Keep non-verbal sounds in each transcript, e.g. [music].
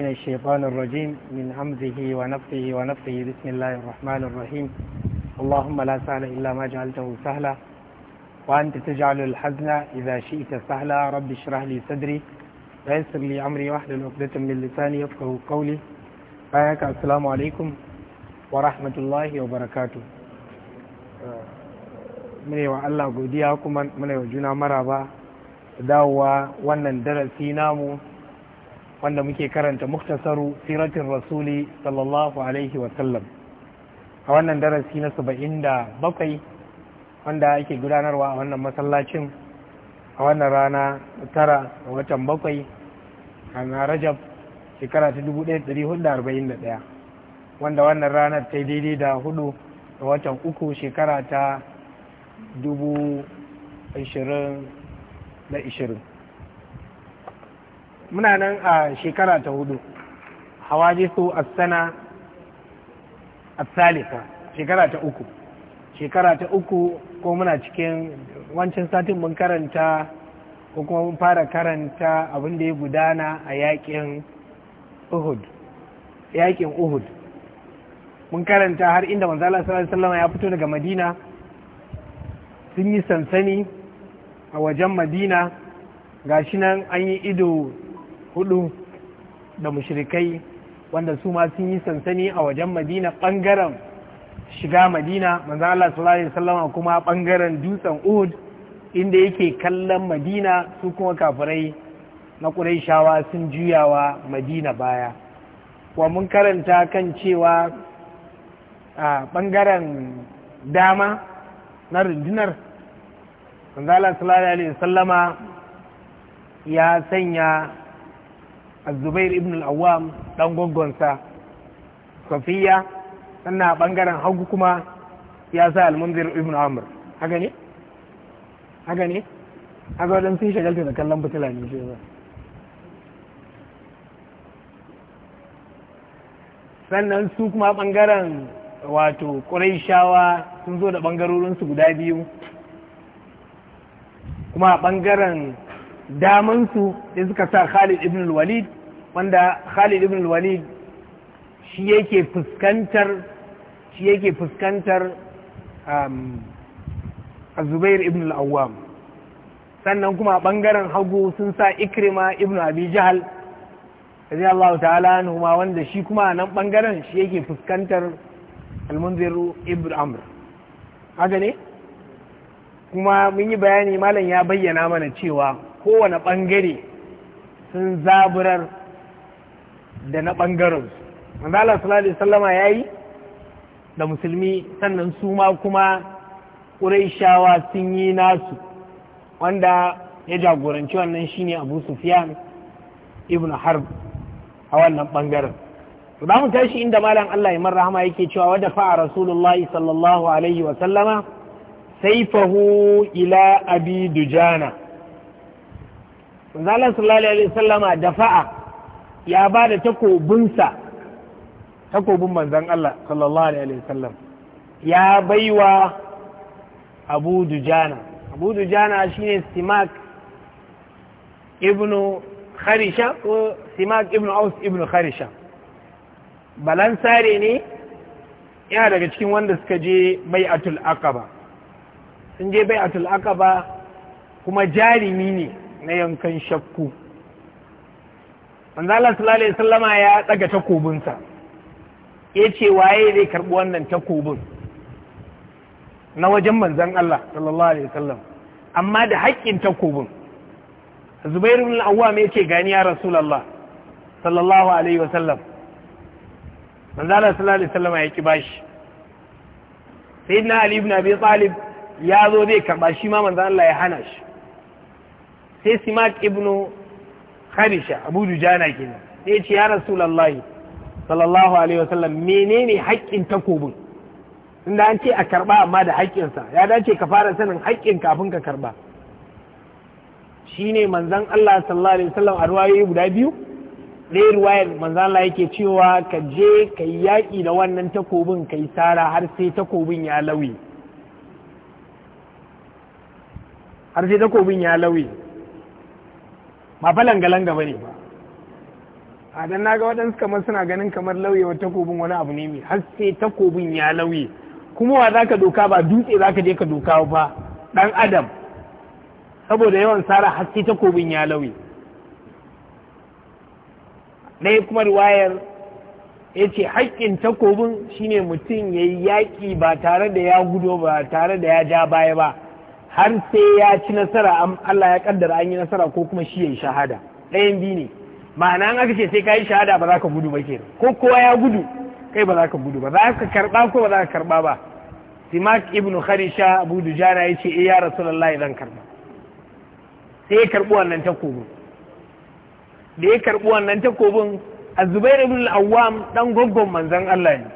من الشيطان الرجيم من همزه ونفسه ونفسه بسم الله الرحمن الرحيم اللهم لا سهل إلا ما جعلته سهلا وأنت تجعل الحزن إذا شئت سهلا رب اشرح لي صدري ويسر لي أمري واحلل عقدة من لساني يفقه قولي فياك السلام عليكم ورحمة الله وبركاته من يوى الله قوديا كما من يوى جنا مرابا داوا ونن درسي نامو wanda muke karanta muktasaru siratin rasuli sallallahu alaihi wasallam a wannan darasi na saba'in da bakwai wanda ake gudanarwa a wannan masallacin a wannan rana tara a watan bakwai a na rajab shekara ta dubu ɗaya hudu arba'in da ɗaya wanda wannan ranar ta daidai da hudu a watan uku shekara ta dubu muna nan a shekara ta hudu hawadisu a sana a salisa shekara ta uku shekara ta uku ko muna cikin wancan satin mun karanta ko kuma mun fara karanta abin da ya gudana a yakin Uhud yakin Uhud mun karanta har inda manzala sallallahu alaihi wasallam ya fito daga Madina sun yi sansani a wajen Madina gashi nan an yi ido hudu da mushrikai wanda su ma sun yi sansani a wajen madina Bangaren shiga madina manzan Allah sallallahu alaihi kuma bangaren dutsen uhud inda yake kallon madina su kuma kafirai na shawa sun juyawa madina baya wa mun karanta kan cewa a ɓangaren dama na rundunar manzan Allah sallallahu alaihi wasallama ya sanya zubair ibn al ɗan dan gwaggonsa safiya sannan a ɓangaren hagu kuma ya sa al ibn amr haka ne haka ne haka wadan sun shagalta da kallon fitila ne shi sannan su kuma ɓangaren wato ƙuraishawa sun zo da ɓangarorinsu guda biyu kuma a ɓangaren damansu da suka sa khalid ibn al walid wanda Khalid ibn Walid shi yake fuskantar shi yake fuskantar um, Zubair ibn al-Awwam sannan kuma a bangaren hagu sun sa Ikrima ibn Abi Jahal Allah ta'ala anhu ma wanda shi kuma nan bangaren shi yake fuskantar Al-Munzir ibn Amr haka ne kuma mun yi bayani malam ya bayyana mana cewa kowane ɓangare sun zaburar da na ɓangaren su manzala sallallahu sallama ya yi da musulmi sannan su ma kuma ƙuraishawa sun yi nasu wanda ya jagoranci wannan shine abu sufyan ibn harb a wannan ɓangaren za mu tashi inda malam Allah ya rahama yake cewa wadda fa'a rasulullahi sallallahu alaihi wa sallama saifahu ila abi dujana sallallahu alaihi wa sallama da fa'a ya ba da takobinsa takobin manzan Allah sallallahu alaihi wasallam ya baiwa abu dujana abu dujana shine simak ibnu kharisha ko simak ibnu aus ibnu kharisha balansare ne yana daga cikin wanda suka je bai'atul aqaba sun je bai'atul aqaba kuma jarimi ne na yankan shakku manzalar sallallahu sallama ya tsaga takobinsa ya ce waye zai karɓi wannan takobin na wajen manzan Allah sallallahu alaihi wasallam amma da haƙƙin takobin zubairu bin awwam ya ce gani ya rasulullah sallallahu alaihi wasallam manzalar sallallahu alaihi sallama ya ki bashi sai na ali ibn abi talib ya zo zai karɓa shi ma manzan Allah ya hana shi sai simak ibnu habisha abu dujana kenan sai ce ya rasulullahi sallallahu alaihi wasallam menene haƙƙin takobin inda an ce a karba amma da haƙƙinsa ya dace ka fara sanin haƙƙin kafin ka karba shine manzon Allah sallallahu alaihi wasallam a ruwayoyi guda biyu ɗaya ruwayar manzon Allah yake cewa ka je ka yi yaƙi da wannan takobin ka yi tsara har sai takobin ya lauye har sai takobin ya lauye ba fa langa ba ne ba a dan na ga waɗansu kamar suna ganin kamar lauyewa takobin wani abu ne mai har sai takobin ya lauye kuma wa za ka doka ba dutse za ka je ka doka ba ɗan adam saboda yawan sara har sai takobin ya lauye ɗaya kuma riwayar ya ce haƙƙin takobin shine mutum ya yi yaƙi ba tare da ya gudo ba tare da ya ja baya ba har sai ya ci nasara Allah ya kaddara an yi nasara ko kuma shi ya yi shahada ɗayan biyu ne ma'ana an aka ce sai ka yi shahada ba za ka gudu ba ke ko kowa ya gudu kai ba za ka gudu ba za ka karba ko ba za ka karba ba simak ibn kharisha abu dujana ya ce eh, ya rasulallah zan karba sai ya karbi wannan takobin da ya karbi wannan takobin a ibn al-awwam dan goggon manzon Allah ne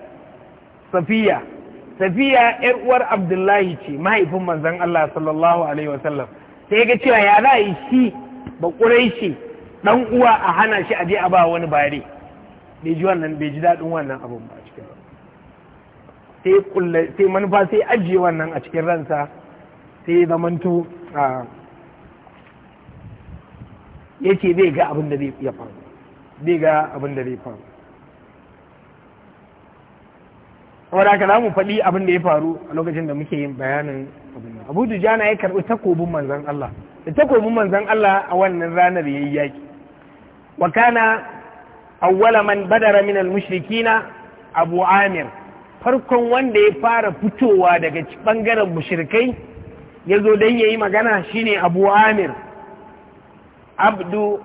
safiya safiya yar uwar abdullahi ce mahaifin manzon Allah sallallahu alaihi wasallam sai ga cewa ya za yi shi ba ƙuraishi dan uwa a hana shi aje a ba wani bare bai ji wannan bai ji daɗin wannan abun ba cikin sai kullai sai manufa sai ajiye wannan a cikin ransa sai zamanto a yace zai ga abin da zai faru zai ga abin da zai faru saboda haka za mu faɗi abin da ya faru a lokacin da muke yin bayanin abu dujana ya karɓi takobin manzan Allah da takobin manzan Allah a wannan ranar ya yi yaƙi wa kana awwala man badara min mushrikina abu amir farkon wanda ya fara fitowa daga bangaren mushrikai ya zo don ya yi magana shine abu amir abdu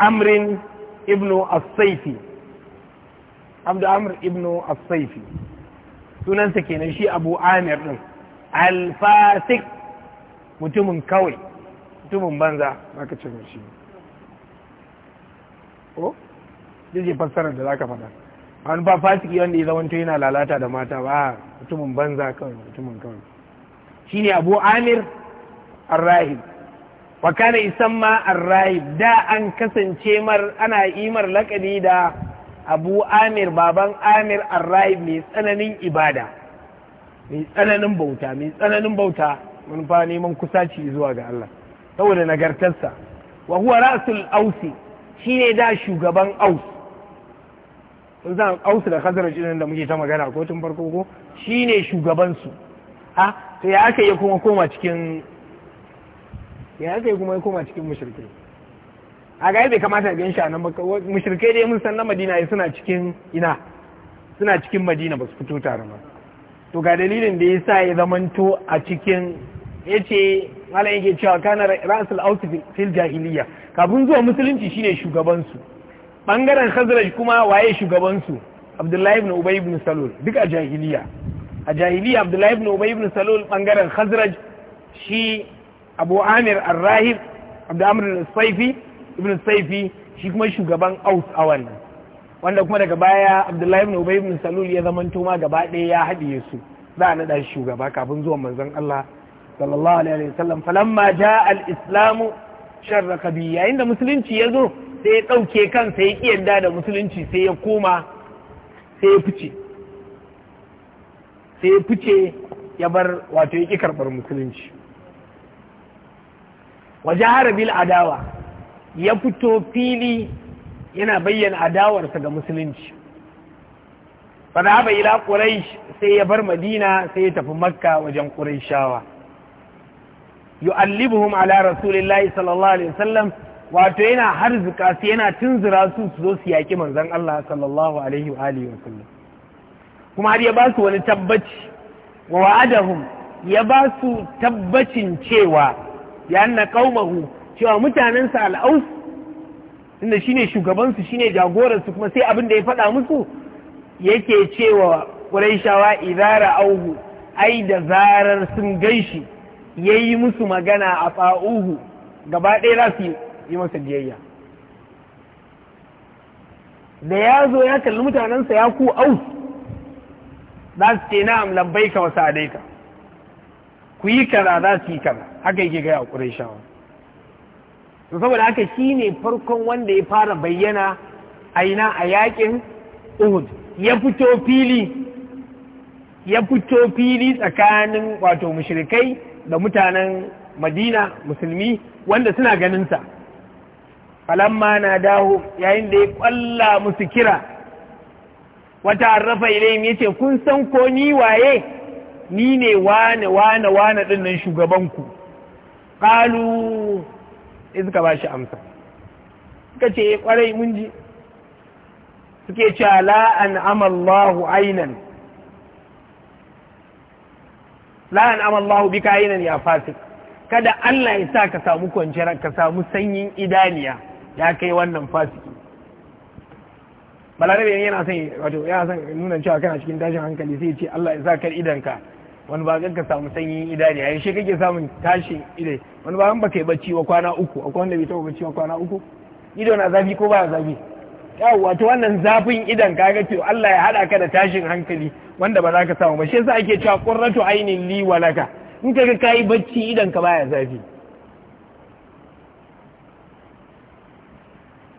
amrin ibnu as-saifi abdu amr ibnu as-saifi sunansa kenan shi abu amir ɗin alfasik mutumin kawai mutumin banza ka cin shi ko yaje fassarar da zaka faɗa an ba fasiki wanda ya zamanto yana lalata da mata ba mutumin banza kawai mutumin kawai Shi ne abu amir arrahib wa ma An arrahib da an kasance mar ana imar laƙabi da abu amir baban amir arrai mai tsananin ibada mai tsananin bauta mai tsananin bauta mun fa neman kusaci zuwa ga Allah saboda nagartarsa wa huwa ra'sul ausi shine da shugaban aus kun san aus da hazara jinin da muke ta magana ko tun farko ko shine shugaban su ha to ya aka yi kuma koma cikin ya aka yi kuma koma cikin mushrikai a ga bai kamata gan shi a nan maka mushrikai dai mun san na madina ya suna cikin ina suna cikin madina ba su fito tare ba to ga dalilin da ya sa ya zamanto a cikin ya ce malam yake cewa kana ra'asul auti fil jahiliya kafin zuwa musulunci shine shugabansu bangaren khazraj kuma waye shugabansu abdullahi ibn ubay ibn salul duk a jahiliya a jahiliya abdullahi ibn ubay ibn salul bangaren khazraj shi abu amir ar-rahib abdu amr al-saifi ibn saifi shi kuma shugaban aus a wannan wanda kuma daga baya abdullahi ibn ubay ibn salul ya zama toma gaba ɗaya ya haɗiye su za a naɗa shi shugaba kafin zuwa manzon Allah sallallahu alaihi wa sallam falamma jaa al-islamu sharraka bi yayin da musulunci ya zo sai ya ɗauke kansa ya ƙi yadda da musulunci sai ya koma sai ya fice sai ya fice ya bar wato ya ƙi karɓar musulunci wajen bil adawa ya fito fili yana bayyana adawarsa ga musulunci haɓa ila ƙuraish sai ya bar madina sai ya tafi makka wajen ƙuraishawa yu'allibuhum ala rasulillahi sallallahu alaihi wasallam wato yana harzuka su yana tunzura su su zo su yaki manzon Allah sallallahu alaihi wa alihi wasallam kuma har ya ba su wani tabbaci wa wa'adahum ya ba su tabbacin cewa ya anna qaumahu cewa mutanensa al'aus inda shine shugabansu shine jagoransu kuma sai abin da ya faɗa musu yake cewa ƙuraishawa idara auhu ai da zarar sun shi ya yi musu magana a fa'uhu gaba ɗaya za su yi masa biyayya da ya zo ya kalli mutanensa ya ku aus za su ce na'am lambai ka wasu ka ku yi kaza za su yi kaza haka yake gaya a ƙuraishawa to saboda haka shi ne farkon wanda ya fara bayyana a aina a yakin uhud ya fito fili ya fito fili tsakanin wato mushrikai da mutanen madina musulmi wanda suna ganinsa falamma na dawo yayin da ya kwalla musu kira wata arrafa ya yace kun san ko ni waye ni ne wane wane wane dinnan shugabanku qalu sai suka ba shi amsa suka ce eh, kwarai mun ji suke cewa la'an amallahu ainan la'an amallahu bika ainan ya fasi kada Allah ya sa ka samu kwanciyar ka samu sanyin idaniya ya kai wannan fasiki balarabe yana son wato yana son nuna cewa kana cikin tashin hankali sai ce Allah ya sa kar idanka wani ba ka samu sanyi idani yayin shi kake samun tashin ile wani ba ba kai bacci wa kwana uku akwai wanda bai taba bacci wa kwana uku ido na zafi ko ba zafi yawo wato wannan zafin idan ka ga to Allah ya hada ka da tashin hankali wanda ba za ka samu ba shi yasa ake cewa qurratu ainin li walaka in kaga kai bacci idan ka baya zafi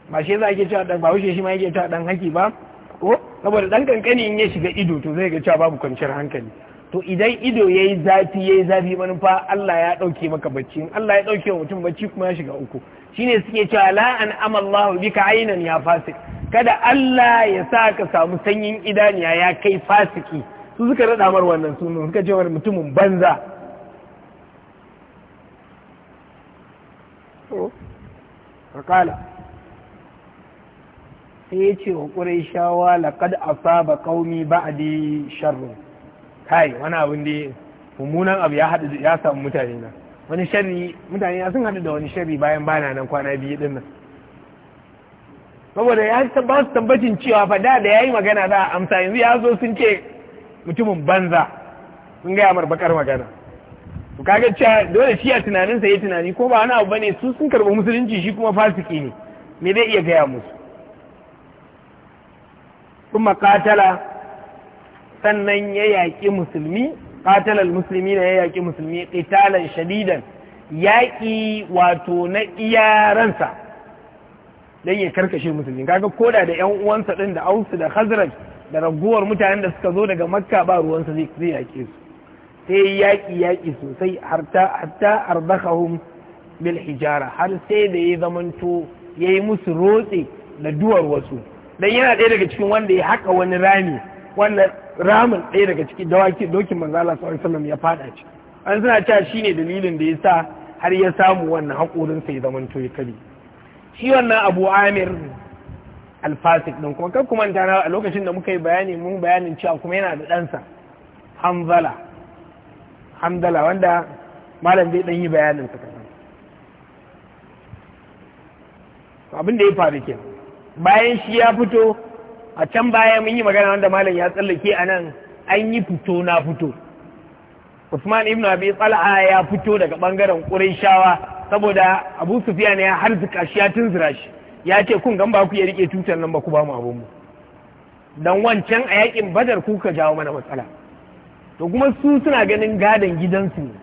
ba shi yasa ake cewa dan ba wuce shi ma yake cewa dan haki ba ko saboda dan kankani in ya shiga ido to zai ga cewa babu kwanciyar hankali to idan ido ya yi zafi ya yi zafi manufa Allah ya ɗauke maka bacci Allah ya ɗauke wa mutum bacci kuma ya shiga uku shine suke cewa la an amallahu bika ainan ya fasik kada Allah ya sa ka samu sanyin idaniya ya kai fasiki su suka raɗa mar wannan sunan suka ce wani mutumin banza fakala sai ya ce wa ƙurai shawa laƙad asaba ƙaumi ba'adi sharrun kai wani abin da mummunan abu ya haɗu ya samu mutane na wani sharri mutane ya sun haɗu da wani sharri bayan bana nan kwana biyu din nan saboda ya ba su tabbacin cewa fa da da yayi magana za a amsa yanzu ya zo sun ce mutumin banza sun gaya mar bakar magana to kaga cewa dole shi a tunanin sa yayi tunani ko ba wani abu bane su sun karɓi musulunci shi kuma fasiki ne me zai iya gaya musu kuma katala sannan ya yaƙi musulmi katalar musulmi na ya yaƙi musulmi qitalan shadidan yaƙi wato na iyaransa dan ya karkashe musulmi kaga koda da ƴan uwansa ɗin da Ausu da hazrat da raguwar mutanen da suka zo daga Makka ba ruwansa zai yaƙe su sai yaƙi yaƙi sosai hatta hatta ardakahum bil hijara har sai da ya zamanto ya yi musu rotse da duwar wasu dan yana ɗaya daga cikin wanda ya haƙa wani rami wannan ramin ɗaya daga ciki dawaki dokin Manzala Allah ya fada ci an suna cewa ne dalilin da ya sa har ya samu wannan haƙorin sai zaman to ya kare shi wannan Abu Amir alfasik ɗin kuma kan kuma ta a lokacin da muka yi bayani mun bayanin cewa kuma yana da ɗansa Hamzala Hamzala wanda malam zai ɗan yi bayanin sa kasan abin da ya faru kenan bayan shi ya fito a can baya mun yi magana wanda malam ya tsallake a nan an yi fito na fito usman ibn abi tsala'a ya fito daga bangaren shawa saboda abu ne ya harzuka shi ya tunzura shi ya ce kun gan ba ku ya rike tutar nan ba ku ba mu abun mu dan wancan a yakin badar kuka jawo mana matsala to kuma su suna ganin gadon gidansu ne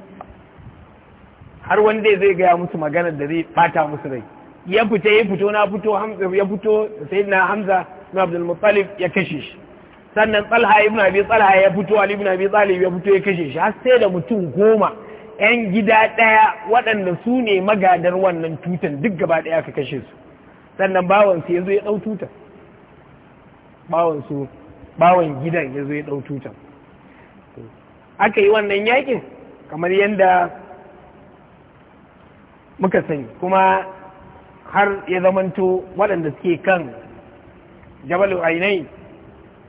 har wanda zai gaya musu maganar da zai bata musu rai ya fita ya fito na fito ya fito sai na hamza na abdul muttalib ya kashe shi sannan talha ibn abi talha ya fito ali ibn abi talib ya fito ya kashe shi har sai da mutum goma yan gida daya waɗanda su ne magadar wannan tutan duk gaba daya ka kashe su sannan bawan su yazo ya dau tutan bawan su bawan gidan yazo ya dau tutan aka yi wannan yakin kamar yadda muka sani kuma har ya zamanto waɗanda suke kan jabalu ainai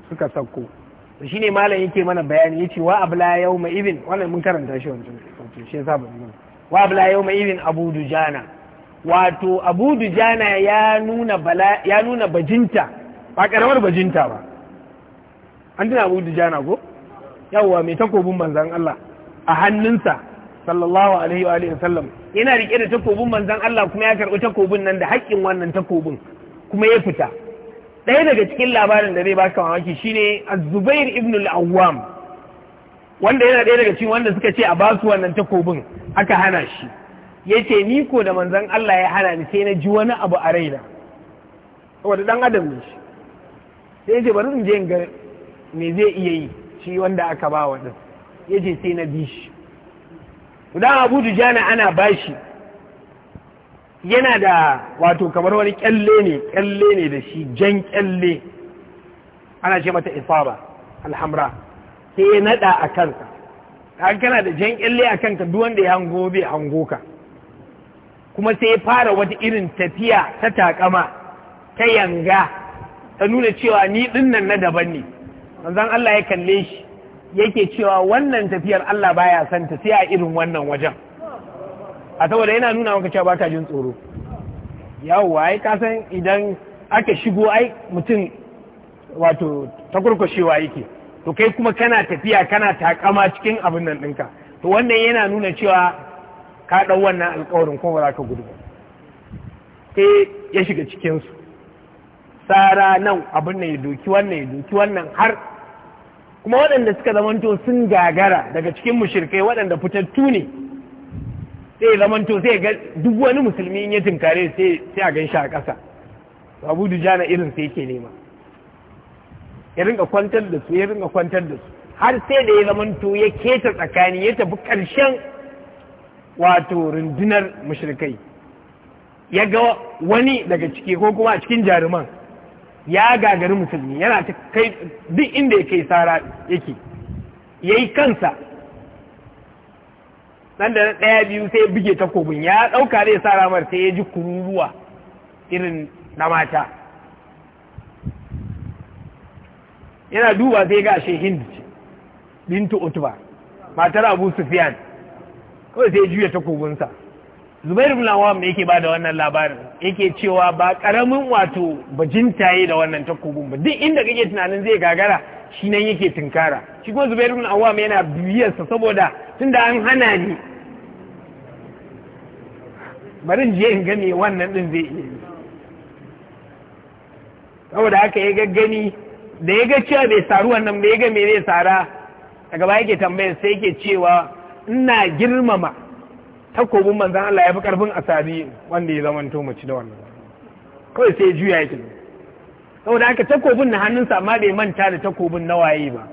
suka sauko to shine malam yake mana bayani yace wa abla yawma idin wannan mun karanta shi wancan shi yasa ba wa abla yawma idin abu dujana wato abu dujana ya nuna bala ya nuna bajinta ba karamar bajinta ba an dina abu dujana ko yawwa mai takobin manzon Allah a hannunsa sallallahu alaihi wa alihi sallam yana rike da takobin manzon Allah kuma ya karbi takobin nan da haƙƙin wannan takobin kuma ya fita ɗaya daga cikin labarin da zai baka mamaki shine a zubair ibn al-awwam wanda yana ɗaya daga cikin wanda suka ce a basu wannan takobin aka hana shi yace ni ko da manzon Allah ya hana ni sai na ji wani abu a raina saboda dan adam ne shi sai yace bari in je ga me zai iya yi shi wanda aka ba wa din yace sai na bi shi Abu Dujana ana bashi yana da wato kamar wani kyalle ne kyalle ne da shi jan kyalle ana ce mata isaba alhamra sai ya nada a kansa kan kana da jan kyalle a kanka duk wanda ya hango bai hango ka kuma sai ya fara wata irin tafiya ta takama ta yanga ta nuna cewa ni dinnan na daban ne manzon Allah ya kalle shi yake cewa wannan tafiyar Allah baya santa sai a irin wannan wajen a saboda yana nuna maka cewa baka jin tsoro yawwa ai ka idan aka shigo ai mutum wato takurkushewa yake to kai kuma kana tafiya kana takama cikin abin nan ɗinka to wannan yana nuna cewa ka ɗau wannan alkawarin kuma za ka gudu Kai ya shiga cikinsu tsara nan abin nan ya doki wannan ya doki wannan har kuma waɗanda suka zamanto sun gagara daga cikin mushirkai waɗanda fitattu ne sai zaman to sai ga duk wani musulmi in ya tinkare sai sai a ganshi a ƙasa abu dujana irin sai yake nema ya ringa kwantar da su ya ringa kwantar da su har sai da ya zamanto ya keta tsakani ya tafi ƙarshen wato rundunar mushrikai ya ga wani daga ciki ko kuma a cikin jaruman ya gagari musulmi yana ta kai duk inda ya kai sara yake ya yi kansa nan da ɗaya biyu sai ya buge takobin ya ɗauka zai sa ramar sai ya ji kururuwa irin na mata yana duba sai ga shi hind bintu utba matar abu sufiyan kawai sai juya takobinsa zubair ibn awam ne yake ba da wannan labarin yake cewa ba karamin wato yi da wannan takobin ba duk inda kake tunanin zai gagara shi nan yake tinkara shi kuma na ibn awam yana biyarsa saboda tunda an hana ni barin je in ga wannan din zai iya yi saboda haka ya gaggani da ya ga cewa bai saru wannan bai ga me zai sara daga baya yake tambayar sai yake cewa ina girmama takobin manzan Allah ya fi karfin asabi wanda ya zamanto mace da wannan kawai sai juya yake saboda aka takobin na hannunsa amma bai manta da takobin na waye ba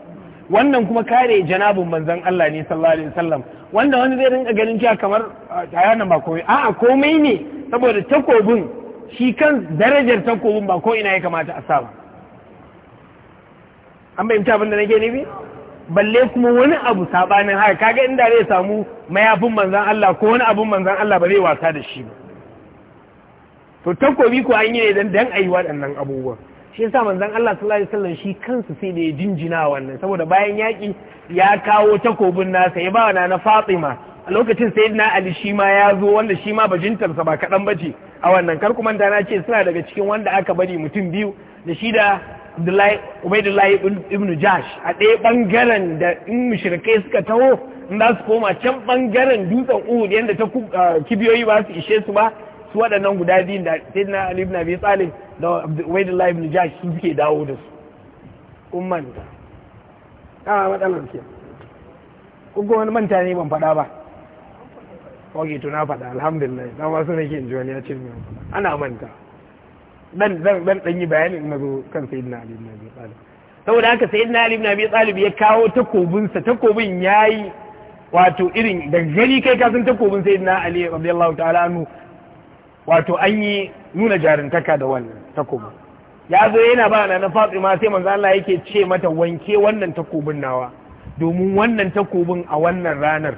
wannan kuma kare janabin manzon Allah ne sallallahu alaihi wasallam wanda wani zai rinka ganin cewa kamar yana ba komai a'a komai ne saboda takobin shi kan darajar takobin ba ko ina ya kamata a sa ba an bai abin da nake nufi balle kuma wani abu sabanin haka kaga inda zai samu mayafin manzon Allah ko wani abun manzon Allah ba zai wasa da shi ba to takobi ko an yi ne dan dan ayi waɗannan abubuwan shi yasa manzon Allah sallallahu alaihi wasallam shi kansa sai da ya jinjina wannan saboda bayan yaki ya kawo takobin nasa ya ba na Fatima a lokacin sayyidina Ali shi ma ya zo wanda shi ma bajintarsa ba kadan bace a wannan kar kuma da na ce suna daga cikin wanda aka bari mutum biyu da shi da Ubaidullahi ibn Jash a ɗaya bangaren da in mushrikai suka taho in za su koma can bangaren dutsen Uhud yanda ta ah, kibiyoyi ba su ishe su ba su waɗannan guda biyun da sayyidina ali ibn biyu tsalin da ubaydullah ibn jaji su suke dawo da su umman ta matsalar ke kun wani manta ne ban faɗa ba ok to na faɗa alhamdulillah na masu nake in ji wani ya ce ne ana manta dan dan dan yi bayani in nazo kan sayyidina ali ibn biyu tsalin saboda haka sayyidina ali ibn biyu tsalin ya kawo takobinsa takobin ya yi wato irin da gani kai kasan takobin sayyidina ali radiyallahu biyu tsalin wato an yi nuna jarintaka da wannan takobi ya zo yana ba na Fatima sai manzo Allah yake ce mata wanke wannan takobin nawa domin wannan takobin a wannan ranar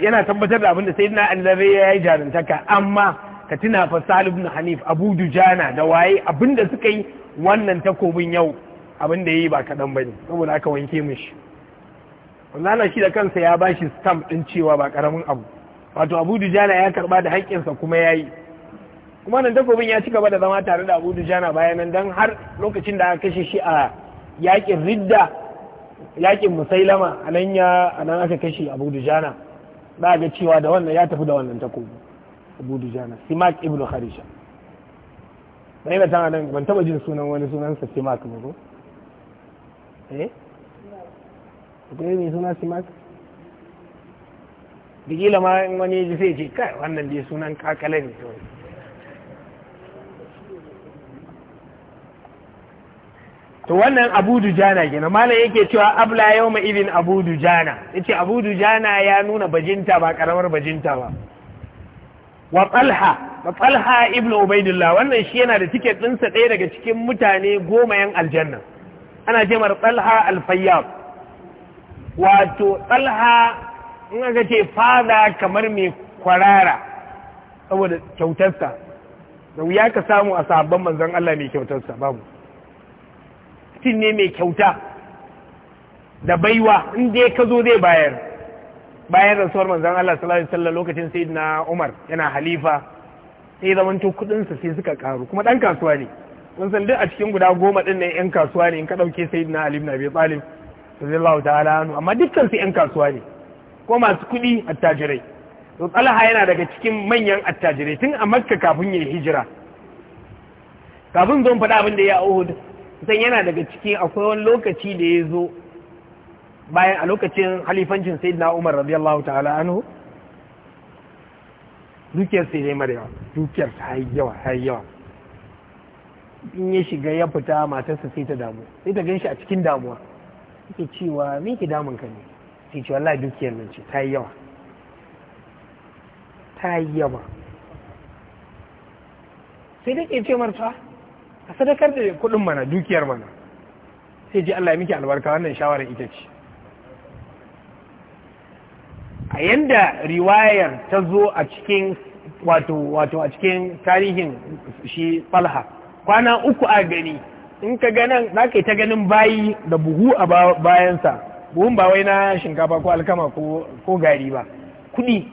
yana tabbatar da abin da na annabi ya yi jarintaka amma ka tuna fa salib ibn Hanif Abu Dujana da waye abinda da suka yi wannan takobin yau abin da yayi ba kadan bane saboda aka wanke mishi wallahi shi da kansa ya ba shi stamp din cewa ba karamin abu wato abu dujana ya karba da haƙƙinsa kuma ya yi kuma nan takobin ya ci gaba da zama tare da abu dujana bayan nan don har lokacin da aka kashe shi a yaƙin ridda yaƙin musailama a nan ya a nan aka kashe abu dujana za ga cewa da wannan ya tafi da wannan takobi abu dujana simak ibnu harisha bai da tana nan ban taba jin sunan wani sunansa simak ba ko eh akwai mai suna simak digila ma in wani ji sai ce kai wannan dai sunan kakala ne to to wannan abu dujana kenan malam yake cewa abla yawma irin abu dujana yace abu dujana ya nuna bajinta ba karamar bajinta ba wa talha wa talha ibnu ubaidillah wannan shi yana da tiket ɗinsa ɗaya daga cikin mutane goma yan aljanna ana cewa talha al-fayyab wato talha in aka ce fada kamar mai kwarara saboda kyautarsa da wuya ka samu a sabon manzan Allah mai kyautarsa babu mutum ne mai kyauta da baiwa in dai ka zo zai bayar bayan rasuwar manzan Allah sallallahu alaihi wasallam lokacin na Umar yana halifa sai to kudinsa sai suka karu kuma dan kasuwa ne mun san a cikin guda goma din ne yan kasuwa ne in ka dauke sayyidina Ali ibn Abi Talib radiyallahu ta'ala anhu amma dukkan su yan kasuwa ne ko masu kuɗi attajirai to talha yana daga cikin manyan attajirai tun a makka kafin ya hijira kafin zon faɗa abin da ya uhud san yana daga ciki akwai wani lokaci da ya zo bayan a lokacin halifancin sayyidina umar radiyallahu ta'ala anhu dukiyar sai dai mara yawa dukiyar ta yi yawa ta yi yawa in ya shiga ya fita matarsa sai ta damu sai ta shi a cikin damuwa yake cewa me ke damun ka ne sai ce wallahi dukiyar nan ce ta yi yawa ta yi yawa sai da ke ce marta a sadakar da kuɗin mana dukiyar mana sai ji Allah ya miki albarka wannan shawarar ita ce a yanda riwayar ta zo a cikin wato wato a cikin tarihin shi falha kwana uku a gani in ka ganin za ka yi ta ganin bayi da buhu a bayansa buhun ba wai na shinkafa ko alkama ko gari ba kuɗi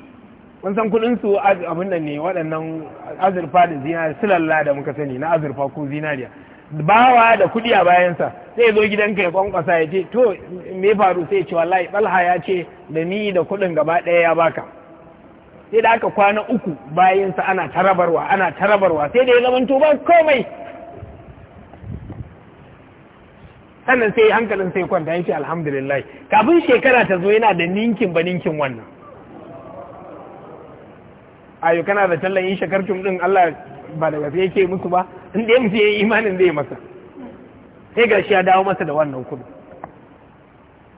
mun san kuɗin su abin nan ne waɗannan azurfa da zinariya silalla da muka sani na azurfa ko zinariya bawa da kuɗi a bayansa sai zo gidan ka ya kwankwasa ya ce to me faru sai ce wallahi balha ya ce da ni da kuɗin gaba ɗaya ya baka sai da aka kwana uku bayansa ana tarabarwa ana tarabarwa sai da ya zamanto ba komai sannan sai hankalin sai kwanta ya alhamdulillah kafin shekara ta zo yana da ninkin ba ninkin wannan ayo kana da tallan yin shakarkin din Allah ba da gaske yake musu ba in dai mutum yayi imanin zai masa sai gashi ya dawo masa da wannan kudu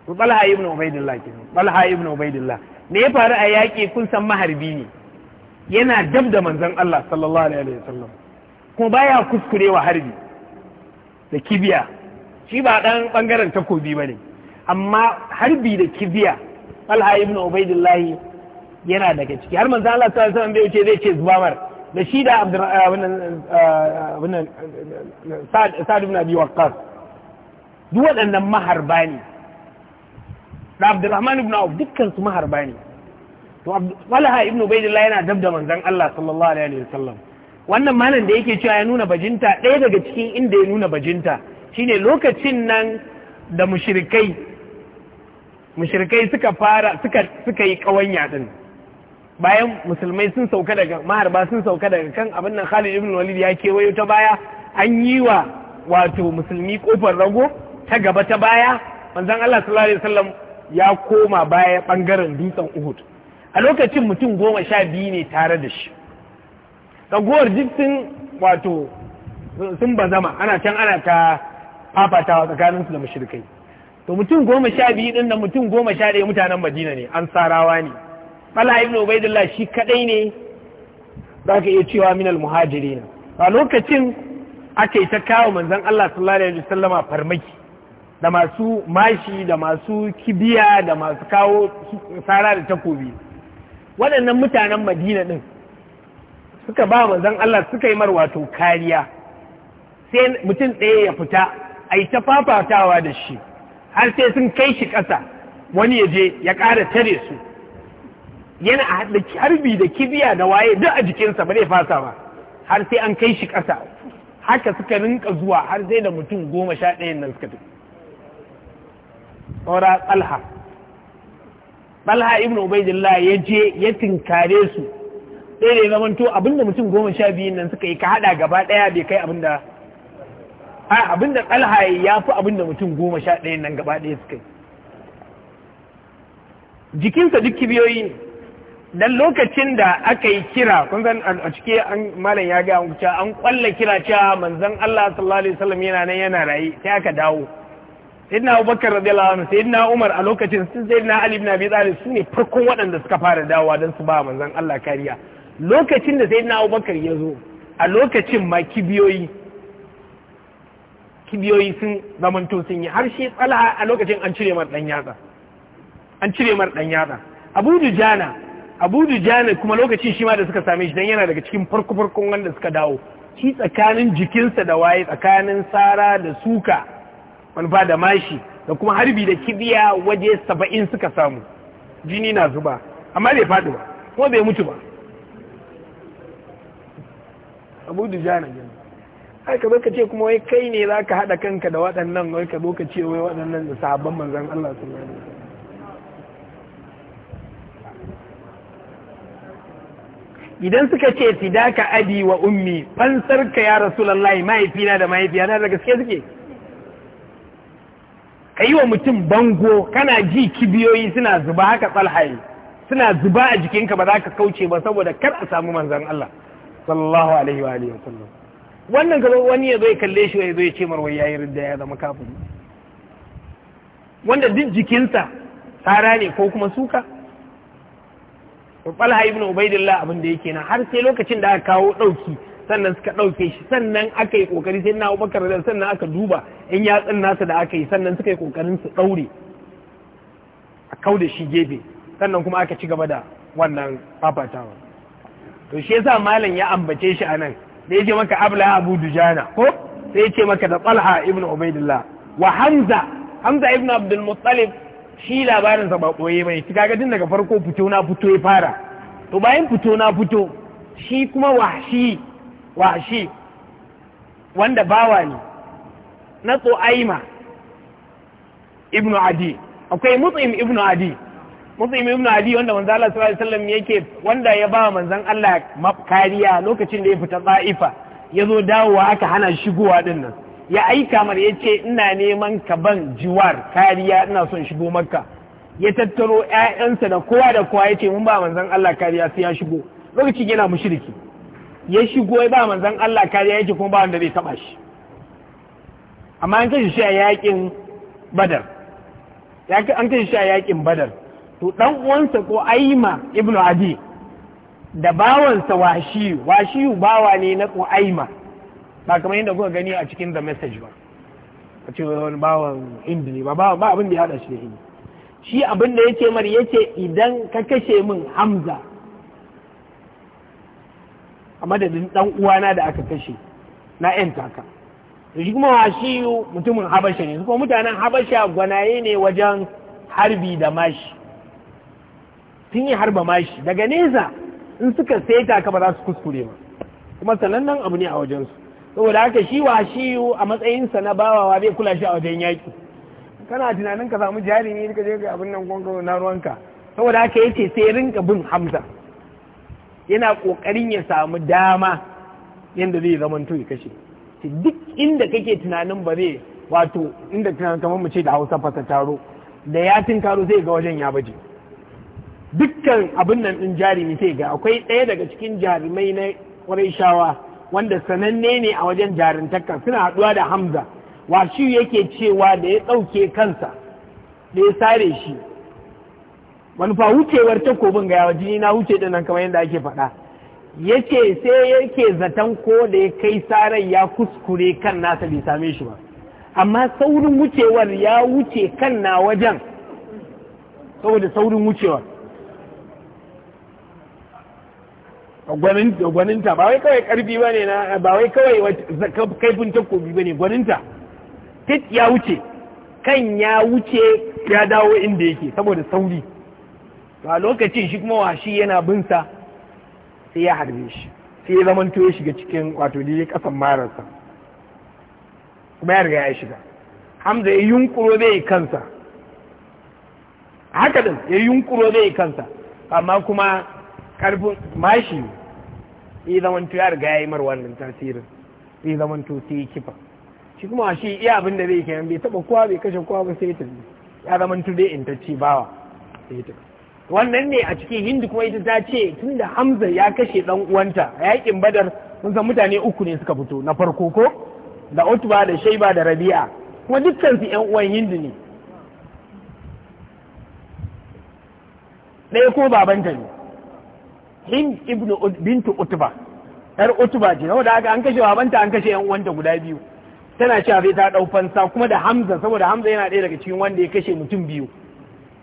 to Talha ibn Ubaidillah kenan Talha ibn Ubaidillah me ya faru a yaƙi kun san maharbi ne yana dab da manzon Allah sallallahu alaihi wasallam kuma baya kuskurewa harbi da kibiya shi ba ɗan ɓangaren takobi ba ne amma harbi da kibiya talha ibn ubaidillahi yana daga ciki har manzo Allah sallallahu alaihi wasallam bai wuce zai ce zubamar da shi da eh, abin eh, sa'ad ibn abi waqqas duk waɗannan maharba ne da abdurrahman ibn auf dukkan su maharba ne to talha ibn ubaidillahi yana dab da manzon Allah sallallahu alaihi wasallam wannan malam da yake cewa ya nuna bajinta ɗaya daga cikin inda ya nuna bajinta shine lokacin nan da mushrikai mushrikai suka fara suka yi kawanya din bayan musulmai sun sauka daga maharba sun sauka daga kan abin nan Khalid ibn Walid ya kewayo ta baya an yi wa wato musulmi kofar rago ta gaba ta baya manzon Allah sallallahu alaihi wasallam ya koma baya bangaren dutsen Uhud a lokacin mutum goma sha biyu ne tare da shi ragowar duk sun wato sun bazama ana can ana ta fafatawa tsakanin su da mushirikai. to mutum goma sha biyu din nan mutum goma sha ɗaya mutanen Madina ne an sarawa ne Bala ibn Ubaidillah shi kaɗai ne Za ka iya cewa minal muhajiri muhajirin a lokacin aka yi ta kawo manzon Allah sallallahu alaihi wasallama farmaki da masu mashi da masu kibiya da masu kawo sara da takobi waɗannan mutanen Madina ɗin suka ba manzon Allah suka yi marwato kariya sai mutum ɗaya ya fita a yi ta fafatawa da shi har sai sun kai shi ƙasa wani ya je ya ƙara tare su yana a haɗa harbi da kibiya da waye duk a jikinsa ba zai fasa ba har sai an kai shi ƙasa haka suka rinka zuwa har sai da mutum goma sha ɗayan nan suka tafi saura tsalha tsalha ibn ubaidillah ya je ya tinkare su ɗaya da ya zamanto abinda mutum goma sha biyun nan suka yi ka haɗa gaba ɗaya bai kai abinda a da talha ya fi abin da mutum goma sha ɗaya nan gaba ɗaya suka yi jikinsa duk kibiyoyi ne dan lokacin da aka yi kira kun san a cike an malam ya ga wuce an kwalla kira cewa manzon Allah sallallahu alaihi wasallam yana nan yana rayi sai aka dawo sayyidina Abubakar radiyallahu anhu sayyidina Umar a lokacin sun sayyidina Ali ibn Abi Talib su ne farkon waɗanda suka fara dawowa dan su ba manzon Allah kariya lokacin da sayyidina Abubakar ya zo a lokacin ma kibiyoyi kibiyoyi sun zamanto sun yi har shi tsala a lokacin an cire mar dan yatsa an cire mar dan yatsa abu dujana abu dujana kuma lokacin shi ma da suka same shi dan yana daga cikin farko farkon wanda suka dawo shi tsakanin jikinsa da waye tsakanin tsara da suka manufa da mashi da kuma harbi da kibiya waje saba'in suka samu jini na zuba amma bai faɗi ba kuma bai mutu ba abu dujana gina ai ka ka ce kuma wai kai ne za ka haɗa kanka da waɗannan wai ka zo ka ce wai waɗannan da sabon manzan Allah su ne. idan suka ce fidaka abi wa ummi fansar ka ya rasulallah mahaifina da na da gaske suke ka yi wa mutum bango kana ji kibiyoyi suna zuba haka tsalhaye suna zuba a jikinka ba za ka kauce ba saboda kar a samu manzan Allah sallallahu alaihi wa alihi wa sallam wannan gaba wani ya zo ya kalle shi ya zo ya ce marwai ya yi rinda ya zama kafin wanda duk jikinsa tsara ne ko kuma suka Falha na Ubaidillah abin da yake na har sai lokacin da aka kawo ɗauki sannan suka ɗauke shi sannan aka yi ƙoƙari sai na Abubakar da sannan aka duba in yatsan nasa da aka yi sannan suka yi ƙoƙarin su ɗaure a kau da shi gefe sannan kuma aka ci gaba da wannan fafatawa to shi yasa malam ya ambace shi a nan sai ya ce maka abla abu dujana ko sai ya ce maka da tsalha ibn ubaidillah wa hamza hamza ibn abdul muttalib shi labarin sa ba koye bai shi kaga tun daga farko fito na fito ya fara to bayan fito na fito shi kuma wahshi wahshi wanda bawa ne na tsoaima ibn adi akwai mutsim ibn adi Mutsim ibn Adi wanda manzo Allah sallallahu alaihi wasallam yake wanda ya ba manzon Allah kariya lokacin da ya fita Taifa ya zo dawowa aka hana shigowa din nan ya aika mar ya ce ina neman ka ban jiwar kariya ina son shigo makka ya tattaro ƴaƴansa da kowa da kowa ya ce mun ba manzon Allah kariya sai ya shigo lokacin yana mushriki ya shigo ya ba manzon Allah kariya yake kuma ba wanda zai taba shi amma an kashe shi a yakin Badar an kashe shi a yakin Badar to dan uwansa ko aima ibnu adi da bawansa washiyu washiyu bawa ne na ko aima ba kamar yadda kuka gani a cikin the message ba a cikin wani bawan ne ba ba abin da ya hada shi da hindi shi abin da yace mar yace idan ka kashe min hamza a madadin dan uwana da aka kashe na yan taka to shi kuma washiyu mutumin habasha ne kuma mutanen habasha gwanaye ne wajen harbi da mashi sun yi harba mashi daga nesa in suka sai ka ba za su kuskure ba kuma sanannen abu ne a wajensu saboda haka shi wa shi a matsayinsa na bawawa bai kula shi a wajen yaƙi kana tunanin ka samu jari ne ka je ga abin nan gongo na ruwanka saboda haka ya ce sai rinka bin hamza yana kokarin ya samu dama yanda zai to ya kashe duk inda kake tunanin ba zai wato inda tunanin kamar mu ce da Hausa fasa taro da ya karo zai ga wajen ya baje dukkan abin nan ɗin jarumi sai ga akwai ɗaya daga cikin jarumai na shawa wanda sananne ne a wajen jarintakka suna haɗuwa da hamza washi yake cewa da ya ɗauke kansa da ya sare shi manufa wucewar takobin ga yawa jini na wuce ɗin nan kamar yadda ake faɗa yace sai yake zaton ko da ya kai saran ya kuskure kan nasa bai same shi ba amma saurin wucewar ya wuce kan na wajen saboda saurin wucewar gwaninta ba wai kawai karfi ba ne ba wai kawai kaifin takobi ba ne gwaninta tit ya wuce kan ya wuce ya dawo inda yake saboda sauri a lokacin shi kuma washi yana binsa sai ya harbe shi sai ya zama ya shiga cikin wato daidai kasan mararsa kuma ya riga ya shiga hamza ya yunkuro zai kansa haka din ya yunkuro zai kansa amma kuma karfin mashi yi zamanto ya riga ya yi marwa da tasirin yi zamanto ta yi kifa shi kuma shi iya abin da zai kenan bai taba kowa bai kashe kowa ba sai ta ya zamanto dai in ta sai ta wannan ne a cikin hindu kuma ita ta ce tun da hamza ya kashe dan uwanta a yakin badar mun san mutane uku ne suka fito na farko ko da utba da shaiba da rabi'a kuma dukkan su yan uwan hindu ne ɗaya ko babanta ne hind ibnu bintu utba yar utba ce saboda haka an kashe babanta an kashe yan uwanta guda biyu tana cewa ta dau fansa kuma da hamza saboda hamza yana ɗaya daga cikin wanda ya kashe mutum biyu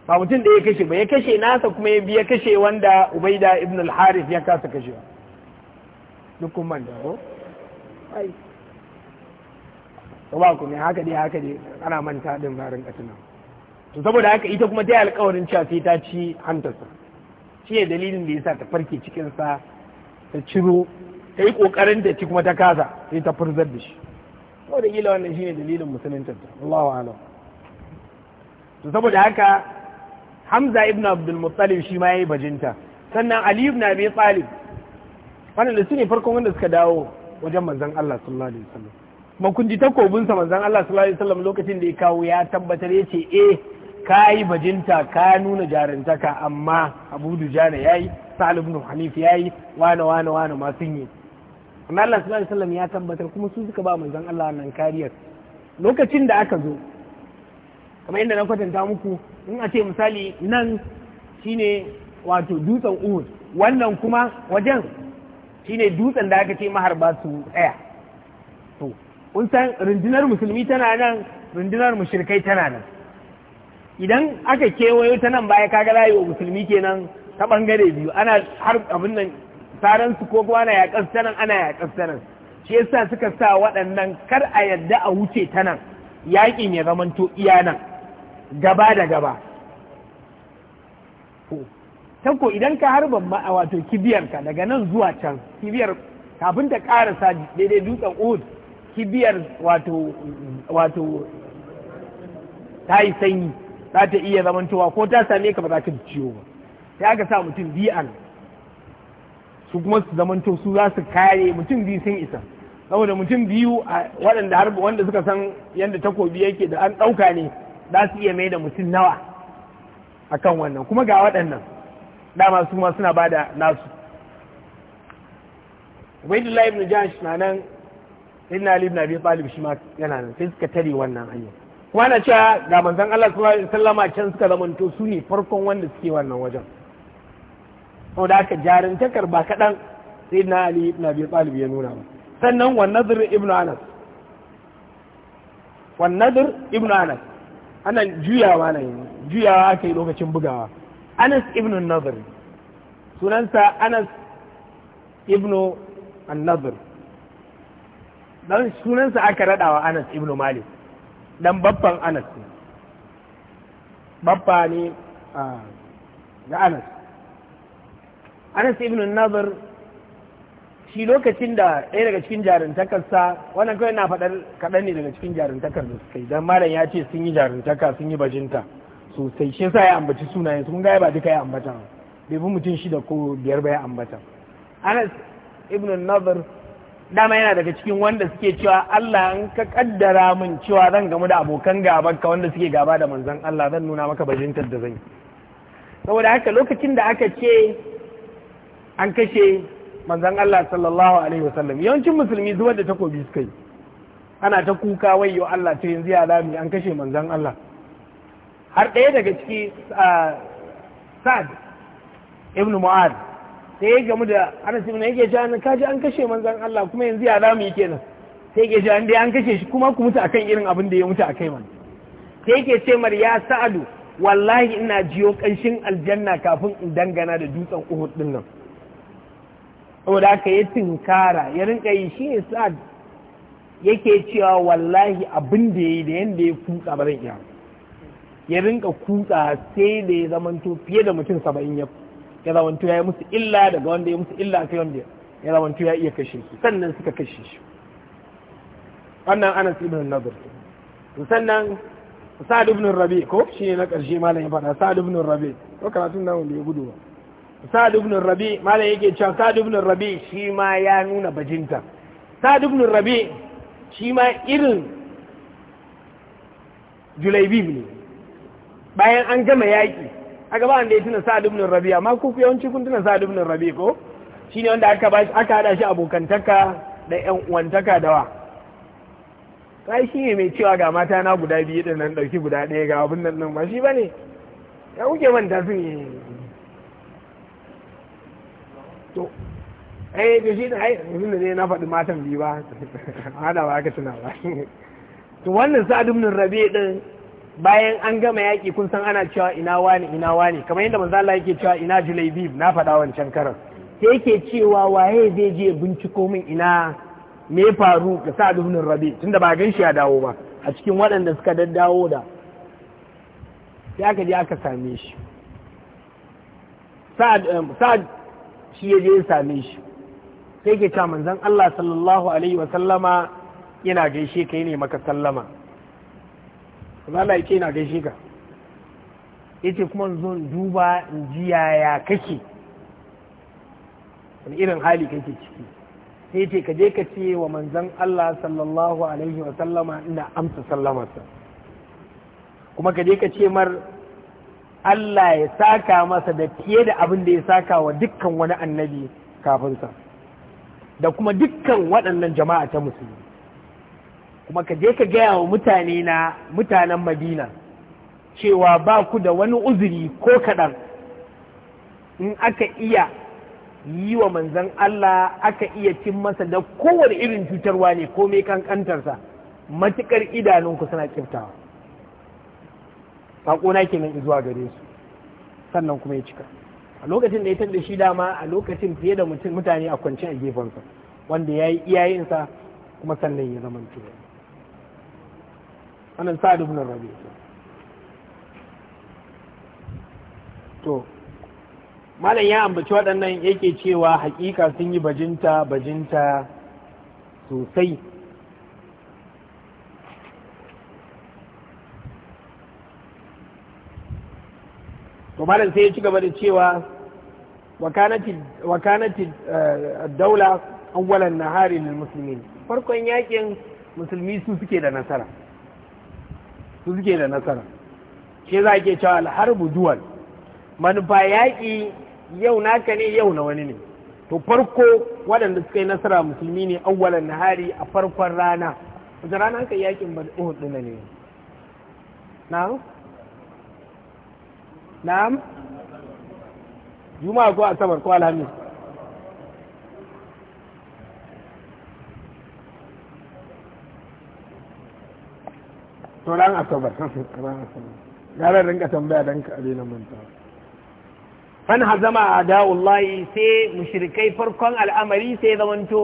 ba mutum da ya kashe ba ya kashe nasa kuma ya biya kashe wanda ubaida ibn al-harith ya kasa kashewa duk kun manta ko ai ba ku ne haka dai haka dai ana manta din barin katina to saboda haka ita kuma ta yi alƙawarin cewa sai ta ci hantarsa shi ne dalilin da ya sa ta farke cikinsa ta ciro ta yi ƙoƙarin da ci kuma ta kasa sai ta furzar da shi saboda gila wannan shine dalilin musulunta wa alam to saboda haka Hamza ibn Abdul Muttalib shi ma yayi bajinta sannan Ali ibn Abi Talib wannan da sune farkon wanda suka dawo wajen manzon Allah sallallahu alaihi wasallam kuma kun ji takobin sa manzon Allah sallallahu alaihi wasallam lokacin da ya kawo ya tabbatar yace eh ka yi bajinta ka nuna jarintaka amma abu dujana ya yi sa'al ibn hanif ya yi wane wane wane masu yi amma Allah sallallahu alaihi wasallam ya tabbatar kuma su suka ba manzon Allah wannan kariyar lokacin da aka zo kamar inda na kwatanta muku in a ce misali nan shine wato dutsen Uhud wannan kuma wajen shine dutsen da aka ce maharba su tsaya to kun san rundunar musulmi tana nan rundunar mushrikai tana nan idan aka kewayo ta nan baya kaga layi wa musulmi kenan ta bangare biyu ana har abin nan taron su ko ana yaƙar ta nan ana yaƙar ta nan shi yasa suka sa waɗannan kar a yadda a wuce ta nan yaƙin ya zamanto iya nan gaba da gaba tanko idan ka harba ma wato kibiyar ka daga nan zuwa can kibiyar kafin ta karasa daidai dutsen uhud kibiyar wato wato ta yi sanyi za ta iya zamantowa ko ta same ka ba za ka ciwo ba sai aka sa mutum biyu an su kuma su zamanto su za su kare mutum biyu sun isa saboda mutum biyu a waɗanda har wanda suka san yadda takobi yake da an ɗauka ne za su iya mai da mutum nawa a kan wannan kuma ga waɗannan dama su ma suna bada nasu Ubaidullah ibn Jahsh na nan Sayyidina Ali ibn Abi Talib shi ma yana nan sai suka tare wannan hanyar kwana cewa ga manzan Allah sallallahu alaihi wasallama can suka zamanto su ne farkon wanda suke wannan wajen saboda haka jarintakar ba kaɗan sai na Ali ibn Abi Talib ya nuna ba sannan wa nadr ibn Anas wa nadr ibn Anas ana juyawa yi juyawa aka yi lokacin bugawa Anas ibn Nadr sunansa Anas ibn An-Nadr dan sunansa aka radawa Anas ibn Malik dan babban anas ne babba ne na anas anas ibn nazar shi lokacin da ɗaya daga cikin jarintakarsa wannan kawai na faɗar kaɗan ne daga cikin jarintakar da suka yi don malam ya ce sun yi jarintaka sun yi bajinta sosai shi sa ya ambaci sunayen sun gaya ba duka ya ambata bai bi mutum shida ko biyar ba ya ambata anas ibn nazar dama yana daga cikin wanda suke cewa Allah an ka kaddara min cewa zan gamu da abokan gabanka wanda suke gaba da manzon Allah zan nuna maka bajintar da zan yi saboda haka lokacin da aka ce an kashe manzon Allah sallallahu alaihi wasallam yawancin musulmi zuwa da takobi suka yi ana ta kuka wai wayyo Allah ta yanzu ya lami an kashe manzon Allah har ɗaya daga ciki ah, Sa'ad ibn Mu'ad sai ya gamu da Anas ibn yake cewa an kaji an kashe manzon Allah kuma yanzu ya zamu yi kenan sai yake an dai an kashe shi kuma ku mutu akan irin abin da ya mutu akai man sai yake ce mar ya sa'adu wallahi ina jiyo kanshin aljanna kafin in dangana da dutsen Uhud din nan saboda aka yi tinkara ya rinka yi shi ne sa'ad yake cewa wallahi abin da ya yi da yanda ya kuka ba zan iya ya rinka kutsa sai da ya zamanto fiye da mutum saba'in ya ya zamanto ya yi musu illa daga wanda ya musu illa kai wanda ya zamanto ya iya kashe shi sannan suka kashe shi wannan anas ibn nazar to sannan sa'ad ibn rabi ko shi ne na karshe malam ya faɗa sa'ad ibn rabi ko karatun nan da ya gudu ba sa'ad ibn rabi malam yake cewa sa'ad ibn rabi shi ma ya nuna bajinta sa'ad ibn rabi shi ma irin julaibib ne bayan an gama yaƙi aka ba wanda ya tuna sa'ad ibn rabi amma ku yawanci kun tuna sa'ad ibn rabi ko ne wanda aka ba aka hada shi abokantaka da yan uwantaka da wa kai shi ne mai cewa ga mata na guda biyu din nan dauki guda ɗaya ga abin nan nan ba shi bane ya kuke manta su ne to eh da shi da ai yanzu da na faɗi matan biyu ba [laughs] hada ba aka tuna ba [laughs] to wannan sa'ad ibn rabi din bayan an gama yaƙi kun san ana cewa ina wani ina wani kamar yadda manzo Allah yake cewa ina Julaibib na faɗa wancan karan sai yake cewa waye zai je binciko min ina me faru ga Sa'd Rabi tunda ba gan shi ya dawo ba a cikin waɗanda suka daddawo da sai aka je aka same shi Sa'ad eh, Sa'ad shi ya je ya same shi sai ke cewa manzon Allah sallallahu alaihi wa sallama yana gaishe kai ne maka sallama Allah ya ce gaishe ka yace kuma zo duba in ji yaya kake wani irin hali kake ciki sai ce ka je ka ce wa manzon Allah sallallahu alaihi wa sallama ina amsa sallamarsa kuma ka je ka ce mar Allah ya saka masa da fiye da abin da ya saka wa dukkan wani annabi kafinsa da kuma dukkan waɗannan jama'a ta musulmi kuma ka je ka gaya wa mutane na mutanen madina cewa ba ku da wani uzuri ko kaɗan in aka iya yi wa manzan Allah aka iya cin masa da kowane irin cutarwa ne ko mai kankantarsa matuƙar idanunku suna kiftawa saƙona kenan zuwa gare su sannan kuma ya cika a lokacin da ya da shi dama a lokacin fiye da mutane a kwance a gefensa wanda ya yi iyayensa kuma sannan ya zama turai wannan sa'ad ibn rabi to malam ya ambaci waɗannan yake cewa hakika sun yi bajinta bajinta sosai to malam sai ya ci gaba da cewa wakanati daula awwalan nahari harin musulmi farkon yakin musulmi su suke da nasara su suke da nasara shi za ke cewa alharbu duwal manufa yaƙi yau naka ne yau na wani ne to farko waɗanda suka yi nasara musulmi ne awwalan nahari a farkon rana wata rana ka yaƙin ba uhud ɗina ne na'am na'am juma'a ko asabar ko alhamis to ran asabar ran asabar gara rinka tambaya dan ka abin manta fan hazama adaullahi sai mushrikai farkon al'amari sai zamanto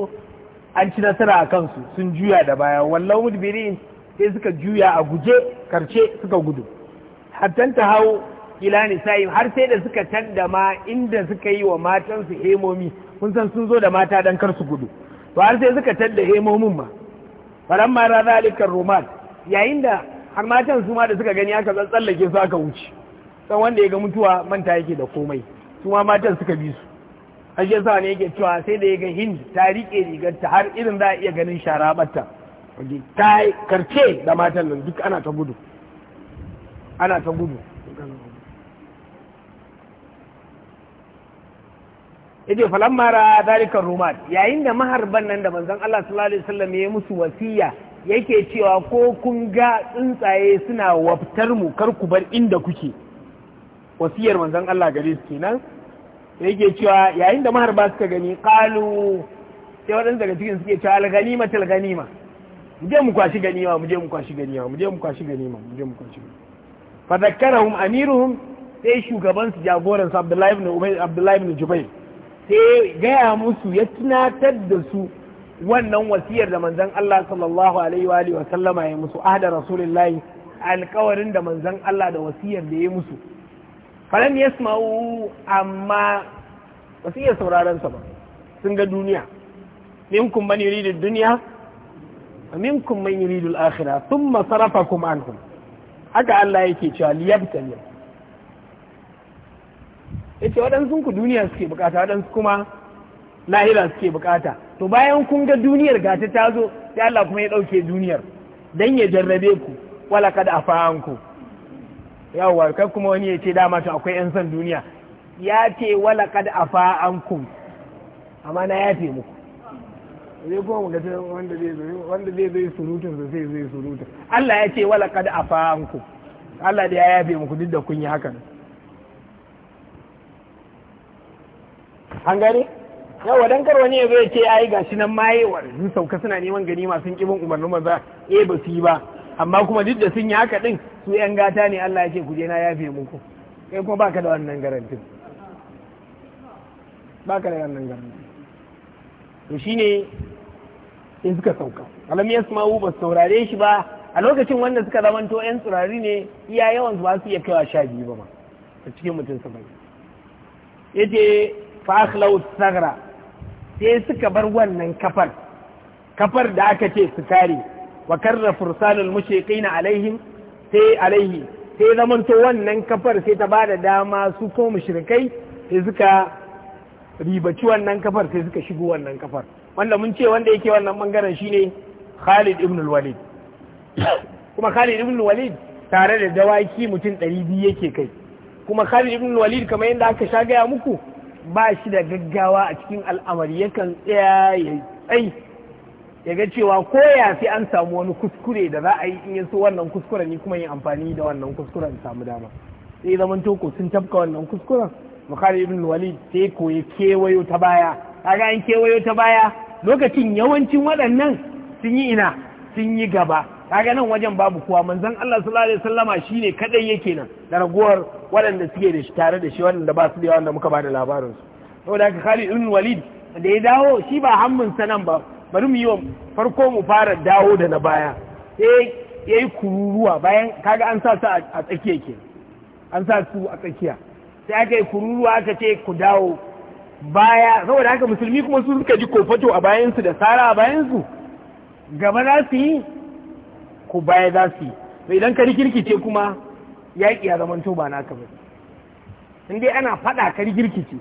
an ci nasara a kansu sun juya da baya wallahu mudbirin sai suka juya a guje karce suka gudu hattan ta hau ila nisayi har sai da suka tanda ma inda suka yi wa matansu hemomi kun san sun zo da mata dan kar su gudu to har sai suka tanda hemomin ma faramma ra zalikar rumat yayin da har matan su ma da suka gani aka tsallake su aka wuce san wanda ya ga mutuwa manta yake da komai su ma matan suka bi su har shi ne yake cewa sai da ya ga hind ta rike rigarta har irin za a iya ganin shara sharabarta ta karce da matan nan duk ana ta gudu ana ta gudu yace falamma ra yayin da maharban nan da manzon Allah sallallahu alaihi wasallam ya musu wasiya yake cewa ko kun ga tsuntsaye suna waftar mu kar ku bar inda kuke wasiyar manzon Allah gare su kenan yake cewa yayin da maharba suka gani qalu sai wadanda daga cikin suke cewa al-ghanima til ghanima mu je mu kwashi ganima mu je mu kwashi ganima mu je mu kwashi ganima mu je mu kwashi fa dakkarahum amiruhum sai shugaban su jagoran su Abdullahi ibn Ubay Abdullahi ibn Jubayr sai gaya musu ya tunatar da su wannan wasiyar da manzon Allah sallallahu alaihi wa alihi wa sallama ya musu ahda rasulullahi alkawarin da manzon Allah da wasiyar da ya musu falam yasma'u amma wasiyar sauraron sa ba sun ga duniya minkum man yuridu dunya wa minkum man yuridu al-akhirah thumma sarafakum anhum haka Allah yake cewa liyabtaliyakum yace waɗansu ku duniya suke bukata waɗansu kuma lahira suke bukata to bayan kun ga duniyar gata ta zo sai Allah kuma ya dauke duniyar dan ya jarrabe ku wala kad afanku yawa kai kuma wani ya ce dama to akwai yan san duniya ya ce wala kad afanku amma na yafe muku zai kuma mu gata wanda zai zo wanda zai zo surutun zai zai surutun Allah ya ce wala kad afanku Allah da ya yafe muku duk da kun yi hakan an gane yau dan kar wani ya zo ya ce ai gashi nan mayewar sun sauka suna neman gani masu kibin umarnin maza eh ba su yi ba amma kuma duk da sun yi haka din su yan gata ne Allah ya ce je na yafe muku kai kuma baka da wannan garantin baka da wannan garantin to shine in suka sauka alam yasma'u ba saurare shi ba a lokacin wanda suka zamanto yan tsurari ne iya yawan ba su iya kaiwa sha biyu ba ma a cikin mutum sabai yace fa akhlau sagra sai suka bar wannan kafar kafar da aka ce su kare wa karra fursanul na alaihim sai alaihi sai zamanto wannan kafar sai ta bada dama su ko mushrikai sai suka ribaci wannan kafar sai suka shigo wannan kafar wanda mun ce wanda yake wannan bangaren shine Khalid ibn al-Walid [coughs] kuma Khalid ibn al-Walid tare da dawaki mutum 200 yake kai kuma Khalid ibn al-Walid kamar yadda aka sha gaya muku ba shi da gaggawa a cikin al'amari yakan tsaya ya tsai ya ga cewa ko ya fi an samu wani kuskure da za a yi in ya so wannan kuskuren ni kuma yin amfani da wannan kuskuren samu dama sai zaman toko sun tafka wannan kuskuren bukhari ibn walid sai koyi kewayo ta baya kaga an kewayo ta baya lokacin yawancin waɗannan sun yi ina sun yi gaba kaga nan wajen babu kowa manzon Allah sallallahu alaihi wasallama shine kadai yake nan da ragowar waɗanda suke da shi tare da shi waɗanda ba su da yawa muka bada labarin su saboda haka Khalid ibn Walid da ya dawo shi ba hammin sa nan ba bari mu yi wa farko mu fara dawo da na baya sai yayi kururuwa bayan kaga an sa su a tsakiya ke an sa su a tsakiya sai aka yi kururuwa aka ce ku dawo baya saboda haka musulmi kuma su suka ji kofato a bayansu da sara a bayansu gaba za su yi ko baya za su yi idan ka rikirkice kuma yaƙi ya zamanto ba naka ba in dai ana faɗa ka rikirkice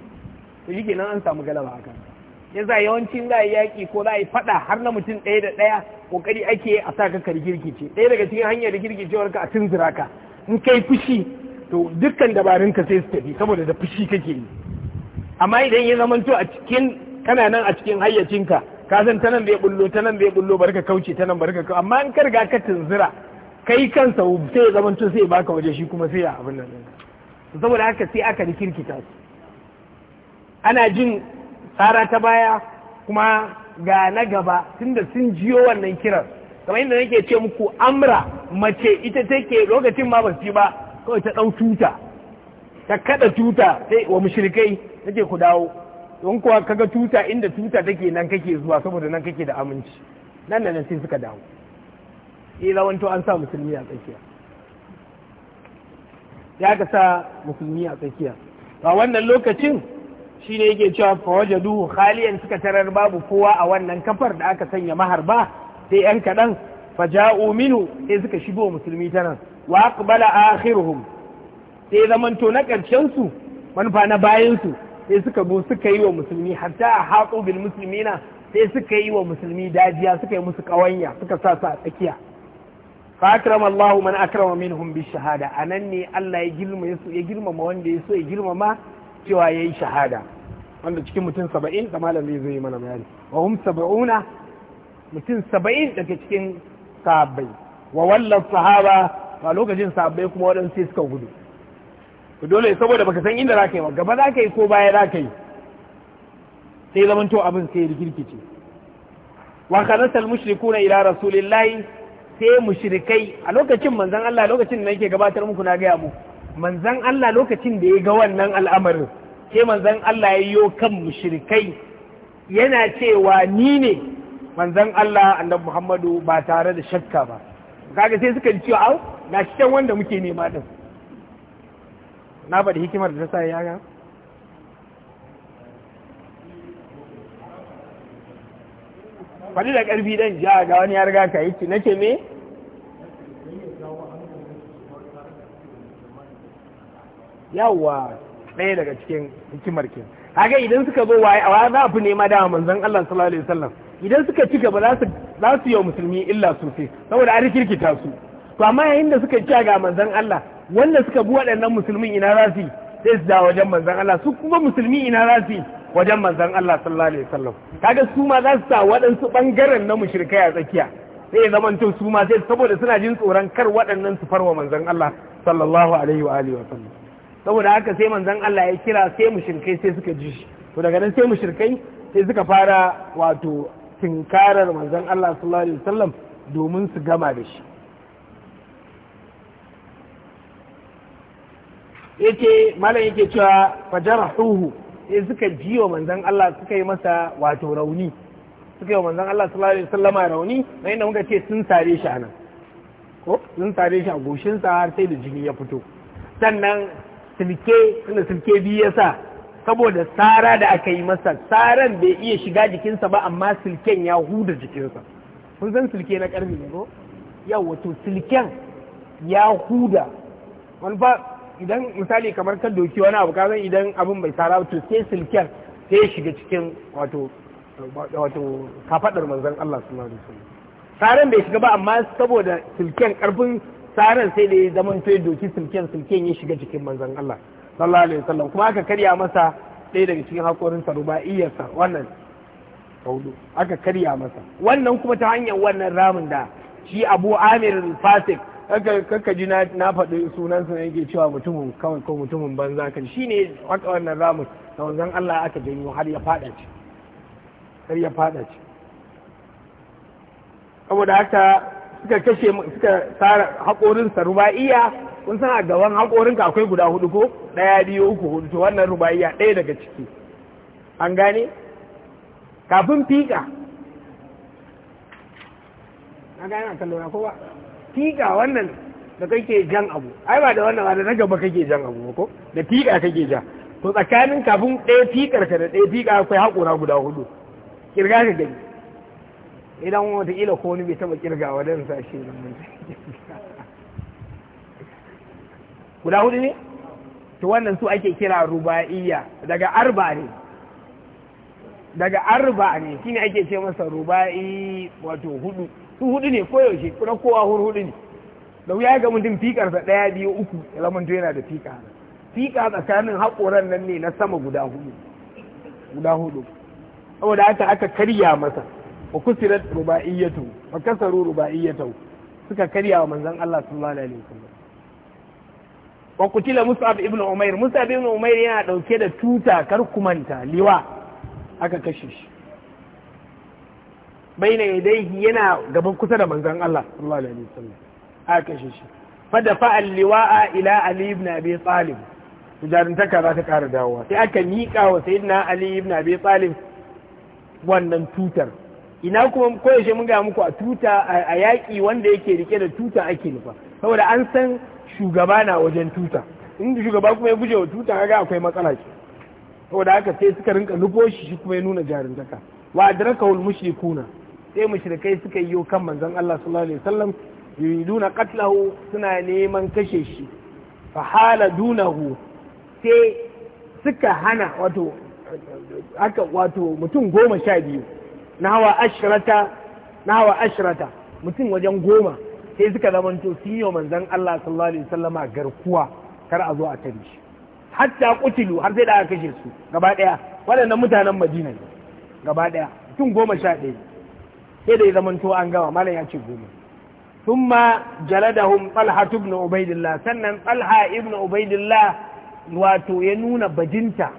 to shi nan an samu galaba a kanka yasa yawancin za a yi yaƙi ko za a yi faɗa har na mutum ɗaya da ɗaya ƙoƙari ake a sa ka girkice ɗaya daga cikin hanyar rigirgicewar ka a tunzura ka in kai fushi to dukkan dabarun ka sai su tafi saboda da fushi kake yi amma idan ya zamanto a cikin kana nan a cikin hayyacinka ka san ta nan ya bullo ta nan ya bullo bari ka kauce ta nan bari ka kauce amma in ka riga ka tunzura kai kansa sai zaman tun sai baka waje shi kuma sai ya abin nan saboda haka sai aka yi kirkita ana jin tsara ta baya kuma ga na gaba tunda sun jiyo wannan kiran kamar yadda nake ce muku amra mace ita take lokacin ma basu su ba kawai ta dau tuta ta kada tuta sai wa mushrikai nake ku dawo in kuwa kaga tuta inda tuta take nan kake zuwa saboda nan kake da aminci nan da nan sai suka dawo eh zawanto an sa musulmi a tsakiya ya ka sa musulmi a tsakiya a wannan lokacin shi ne yake cewa duhu khaliyan suka tarar babu kowa a wannan kafar da aka sanya maharba sai yan kaɗan faja'u minu sai suka shigo musulmi ta nan wa aqbala akhiruhum sai zamanto na ƙarshen su manufa na bayan su sai suka zo suka yi wa musulmi hatta a haƙo bil musulmina sai suka yi wa musulmi dajiya suka yi musu ƙawanya suka sa su a tsakiya fa akrama Allahu man akrama minhum bi shahada anan ne Allah ya girma ya girmama wanda ya so ya girmama cewa yayi shahada wanda cikin mutum saba'in da malam zai yi mana bayani wa hum saba'una mutum saba'in daga cikin sahabbai wa wallan sahaba a lokacin sahabbai kuma waɗansu suka gudu dole saboda baka san inda zaka yi ba gaba zaka yi ko baya zaka yi sai zaman to abin sai rikirkice wa kharasa al-mushrikuna ila rasulillahi sai mushrikai a lokacin manzon Allah lokacin da yake gabatar muku na gaya mu manzon Allah lokacin da ya ga wannan al'amarin sai manzon Allah ya yi kan mushrikai yana cewa ni ne manzon Allah annabi Muhammadu ba tare da shakka ba kaga sai suka ji cewa au na shi wanda muke nema din na faɗi hikimar da ta sa ya ga faɗi da ƙarfi ɗan ja ga wani ya riga ka yi ci nake me yawwa ɗaya daga cikin hikimar ke haka idan suka zo waye a za fi nema dama manzon Allah sallallahu alaihi wasallam idan suka ci gaba za su yi wa musulmi illa sosai saboda an rikirkita su to amma yayin da suka ci ga manzon Allah wanda suka bi waɗannan musulmin ina za su sai su da wajen manzon Allah su kuma musulmi ina za wajen manzon Allah sallallahu alaihi wasallam kaga su ma za su sa waɗansu bangaren na mushrikai a tsakiya sai zaman to su ma sai saboda suna jin tsoron kar waɗannan su farwa manzon Allah sallallahu alaihi wa alihi wasallam saboda haka sai manzon Allah ya kira sai mushrikai sai suka ji shi to daga nan sai mushrikai sai suka fara wato tinkarar manzon Allah sallallahu alaihi wasallam domin su gama da shi Yake malam yake cewa fajarahuhu sai suka wa manzan Allah suka yi masa wato rauni suka yi wa manzan Allah sallallahu alaihi wasallama rauni na inda muka ce sun sare shi anan ko sun sare shi a goshin sa har sai da jini ya fito sannan silke tunda silke biyu ya sa saboda tsara da aka yi masa tsaran bai iya shiga jikinsa ba amma silken ya huda jikinsa kun san silke na karfi ne ko yawa to silken ya huda wani ba idan misali kamar kan doki wani abu ka idan abin bai sara to sai silken sai ya shiga cikin wato wato kafadar manzon Allah sallallahu alaihi wasallam saran bai shiga ba amma saboda silken karfin saran sai da ya zama to doki silken silken ya shiga cikin manzon Allah sallallahu alaihi wasallam kuma aka karya masa ɗaya daga cikin hakorin sa rubaiyarsa wannan kaudu aka karya masa wannan kuma ta hanyar wannan ramin da shi Abu Amir Fasik kanka ji na faɗi sunansa yake cewa mutumin kawai ko mutumin banza kan shi ne haka wannan ramus da wanzan Allah aka janyo har ya faɗa ci har ya faɗa ci saboda haka suka kashe suka tsara haƙorinsa ruba'iyya kun san a gaban haƙorinka akwai guda hudu ko ɗaya biyu uku hudu to wannan ruba'iya ɗaya daga ciki an gane kafin fiƙa an gane a kallon tiƙa wannan da kake jan abu ai ba da wannan ba na gaba kake jan abu ko da tiƙa kake ja to tsakanin kafin ɗaya tikar ka da ɗaya tiƙa akwai haƙora guda hudu kirga ka gani idan wataƙila ko wani bai taɓa kirga wa dan sa shi nan guda hudu ne to wannan su ake kira ruba'iyya daga arba ne daga arba ne shine ake ce masa ruba'i wato hudu su hudu ne koyaushe kuna kowa hudu ne da wuya ga mutum fikarsa ɗaya biyu uku ya zamanto yana da fika fika tsakanin haƙoran nan ne na sama guda hudu guda hudu saboda haka aka karya masa wa kusirat ruba'iyyatu wa kasaru ruba'iyyatu suka karya wa manzon Allah sallallahu alaihi wasallam wa kutila Mus'ab ibn Umair Mus'ab ibn Umair yana dauke da tuta karkumanta liwa aka kashe shi baina yadayhi yana gaban kusa da manzan Allah sallallahu alaihi wasallam aka shi shi fa al-liwa'a ila Ali ibn Abi Talib jarintaka za ta kara dawowa sai aka mika wa sayyidina Ali ibn Abi Talib wannan tutar ina kuma koyaushe mun ga muku a tuta a yaƙi wanda yake rike da tuta ake nufa saboda an san shugaba na wajen tuta in shugaba kuma ya guje wa tuta kaga akwai matsala ce saboda haka sai suka rinka nufo shi kuma ya nuna jarintaka wa adraka wal mushrikuna sai mushrikai suka yi kan manzon Allah sallallahu alaihi wasallam yuriduna qatlahu suna neman kashe shi fa hala dunahu sai suka hana wato aka wato mutum goma sha biyu na hawa ashrata na hawa ashrata mutum wajen goma sai suka zamanto sun yi manzon Allah sallallahu alaihi wasallama garkuwa kar a zo a tare shi hatta kutilu har sai da aka kashe su gaba daya waɗannan mutanen Madina ne gaba daya mutum goma sha ɗaya sai da ya zamanto an gama malam ya ce goma thumma jaladahum talha ibn ubaidillah sannan talha ibn ubaidillah wato ya nuna bajinta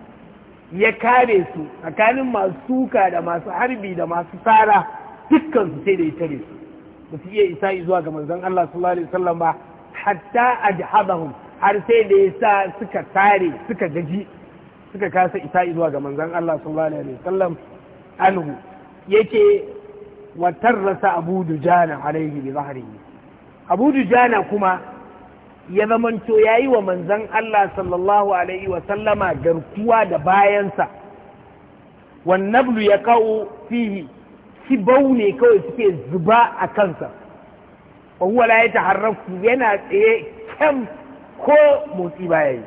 ya kare su tsakanin masu suka da masu harbi da masu tsara dukkan su sai da ya tare su ba su iya isa zuwa ga manzon Allah sallallahu alaihi wasallam ba hatta ajhabahum har sai da ya sa suka tare suka gaji suka kasa isa zuwa ga manzon Allah sallallahu alaihi wasallam anhu yake watarrasa tarrasa abu dujana alaihi bi zahrihi abu dujana kuma ya zamanto yayi wa manzon Allah sallallahu alaihi wa sallama garkuwa da bayansa wan nablu yaqau fihi ki ne kawai suke zuba a kansa wa huwa la yataharraku yana tsaye kam ko motsi baya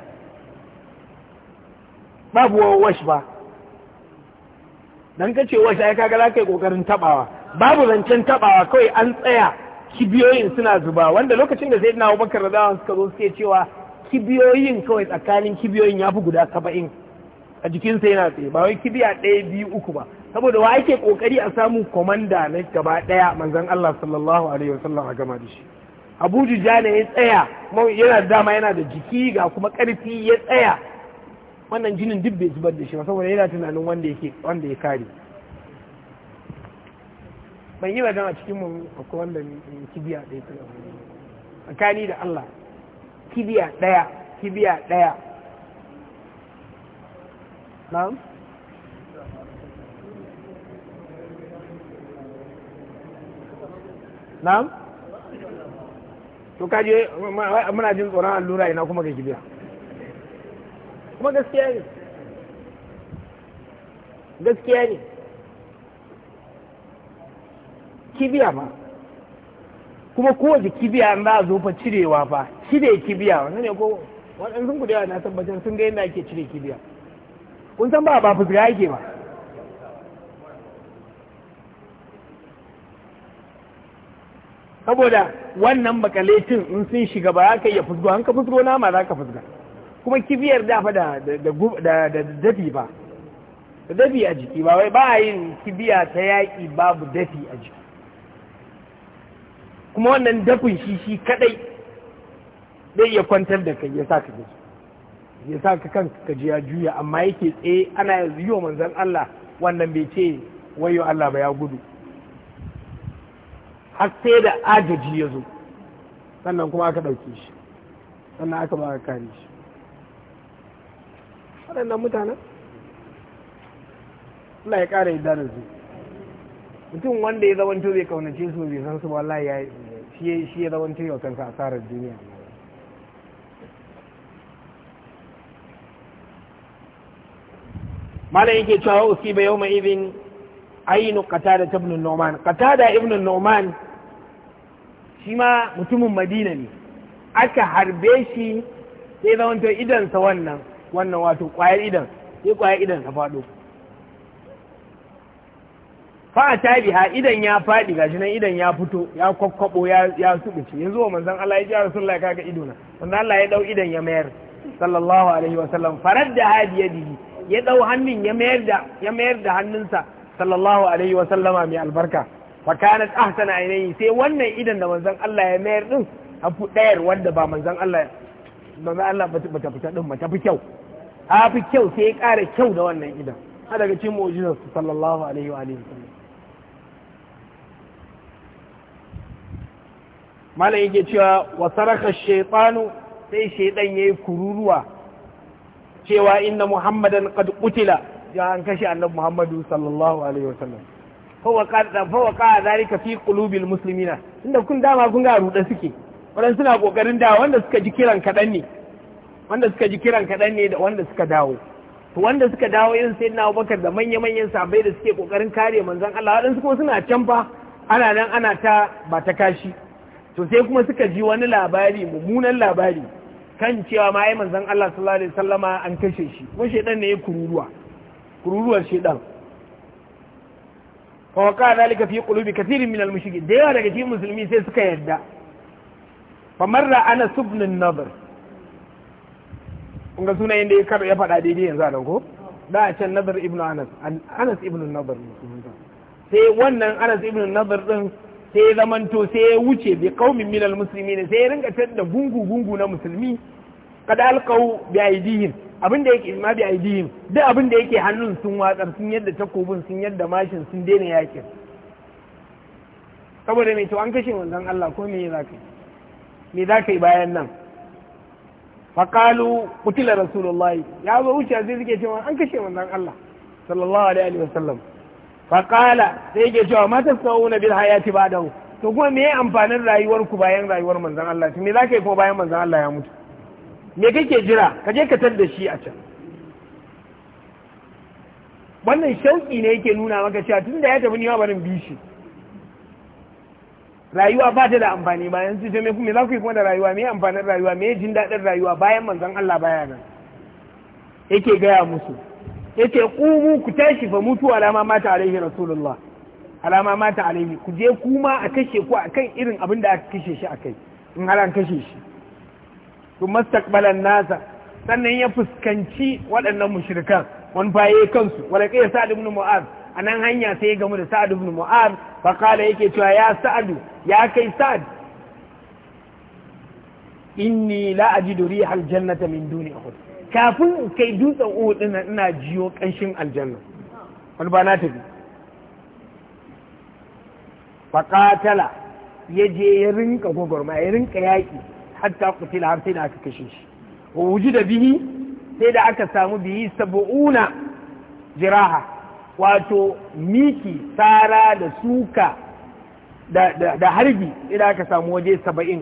babu wash ba dan kace wash ai kaga za kai kokarin tabawa babu zancen tabawa kawai an tsaya kibiyoyin suna zuba wanda lokacin da sayyidina Abubakar radiyallahu suka zo suke cewa kibiyoyin kawai tsakanin kibiyoyin ya fi guda saba'in a jikinsa yana tsaye ba wai kibiya ɗaya biyu uku ba saboda wa ake kokari a samu komanda na gaba ɗaya manzon Allah sallallahu alaihi wasallam a gama da shi Abu jana ya tsaya yana dama yana da jiki ga kuma karfi ya tsaya wannan jinin duk bai zubar da shi ba saboda yana tunanin wanda ya kare ban yi wajen a cikin mu akwai wanda kibiya ɗaya ta tsakani da Allah kibiya ɗaya kibiya ɗaya na'am na'am to kaje muna jin tsoron allura ina kuma ga kibiya kuma gaskiya ne gaskiya ne kibiya ba kuma kowace kibiya an za a zo fa cirewa fa cire kibiya wannan ne ko waɗansu ku da na tabbatar sun ga yadda ake cire kibiya kun san ba ba fuska ake ba saboda wannan bakaletin in sun shiga ba za ka iya fusgo an ka fusgo nama za ka fusga kuma kibiyar dafa da dafi ba da dafi a jiki ba wai ba yin kibiya ta yaƙi babu dafi a jiki kuma wannan dafin shi shi kadai zai iya kwantar da kai ya sa ka gaji ya sa ka kan ka ji ya juya amma yake tsaye ana yanzu yi wa manzan Allah wannan bai ce wayo Allah ba ya gudu har sai da agaji ya zo sannan kuma aka ɗauke shi sannan aka ba ka kare shi waɗannan mutanen Allah ya ƙara yadda da su mutum wanda ya zama bai kaunace su bai san su ba Allah ya yi shi shi ya zama cewa kansa tsarar duniya malam yake cewa usiba yawma idin ainu qatada ibn kata da ibn nu'man shi ma mutumin madina ne aka harbe shi sai zama idan sa wannan wannan wato kwayar idan sai kwayar idan na faɗo fa ta biha idan ya faɗi gashi nan idan ya fito ya kwakwabo ya ya subuce yanzu wa manzon Allah ya ji Rasulullahi kaga ido na manzon Allah ya dau idan ya mayar sallallahu alaihi wa sallam farar da hadiyadihi ya dau hannun ya mayar da ya mayar da hannunsa sallallahu alaihi wa sallama mai albarka fa kanat ahsana ainihi sai wannan idan da manzon Allah ya mayar din hafi fu dayar wanda ba manzon Allah manzon Allah ba ta fita din ba ta fi kyau ta fi kyau sai ya ƙara kyau da wannan idan ga cikin mu'jizar sallallahu alaihi wa sallam. malam yake cewa wasaraka shaitanu sai shaidan ya yi kururuwa cewa inna muhammadan qad qutila ya an kashe annabi muhammadu sallallahu alaihi wasallam fawa ka zalika fi qulubil muslimina inda kun dama kun ga ruɗe suke wannan suna kokarin da wanda suka ji kiran kaɗan ne wanda suka ji kiran kadan ne da wanda suka dawo to wanda suka dawo irin sayyidina Abubakar da manya-manyan sabai da suke kokarin kare manzon Allah waɗansu kuma suna can fa ana nan ana ta ba ta kashi to sai kuma suka ji wani labari mummunan labari kan cewa ma ai manzon Allah sallallahu alaihi wasallama an kashe shi kuma shedan ne ya kururuwa kururuwar shedan fa waqa zalika fi qulubi kathirin min al-mushrikin da yawa daga cikin musulmi sai suka yarda fa marra ana subnin nadr kun ga sunayen da ya kar ya faɗa daidai yanzu a ko da a can nazar ibnu anas anas ibnu nazar sai wannan anas ibnu nazar din sai ya zamanto sai ya wuce bi qaumin minal muslimin sai ya ringa tada gungu gungu na musulmi kada alqau bi aidihim abin da yake ma bi aidihim duk abin da yake hannun sun watsar sun yadda takobin sun yadda mashin sun daina yakin saboda mai to an kashe wanzan Allah ko me za ka yi me za ka yi bayan nan qalu qutila rasulullahi ya zo wuce sai suke cewa an kashe wanzan Allah sallallahu alaihi wasallam faƙala sai yake cewa mata na bil hayati ba da to kuma me amfanin rayuwar ku bayan rayuwar manzan Allah me za ka yi ko bayan manzan Allah ya mutu me kake jira ka je ka tar da shi a can wannan shauƙi ne yake nuna maka cewa tun da ya tafi niwa barin bishi rayuwa ba ta da amfani bayan su ce me za ku yi kuma da rayuwa me amfanin rayuwa me jin daɗin rayuwa bayan manzan Allah baya nan yake gaya musu yace qumu ku tashi fa mutu alama mata alaihi rasulullah alama mata alaihi ku je kuma a kashe ku akan irin abin da aka kashe shi akai in har an kashe shi to mastaqbalan nasa sannan ya fuskanci waɗannan mushrikan wani faye kansu wala kai sa'ad ibn mu'az anan hanya sai ya gamu da sa'ad ibn mu'az fa qala yake cewa ya sa'adu ya kai sa'ad inni la ajidu rihal jannata min duni uhud kafin kai dutsen uhud nan ina jiyo kanshin aljanna wani ba na tafi faƙatala ya je ya rinka gwagwarma ya rinka yaƙi hatta kutila har sai da aka kashe shi wa wuji da bihi sai da aka samu bihi sabu'una jiraha wato miki tsara da suka da harbi idan aka samu waje saba'in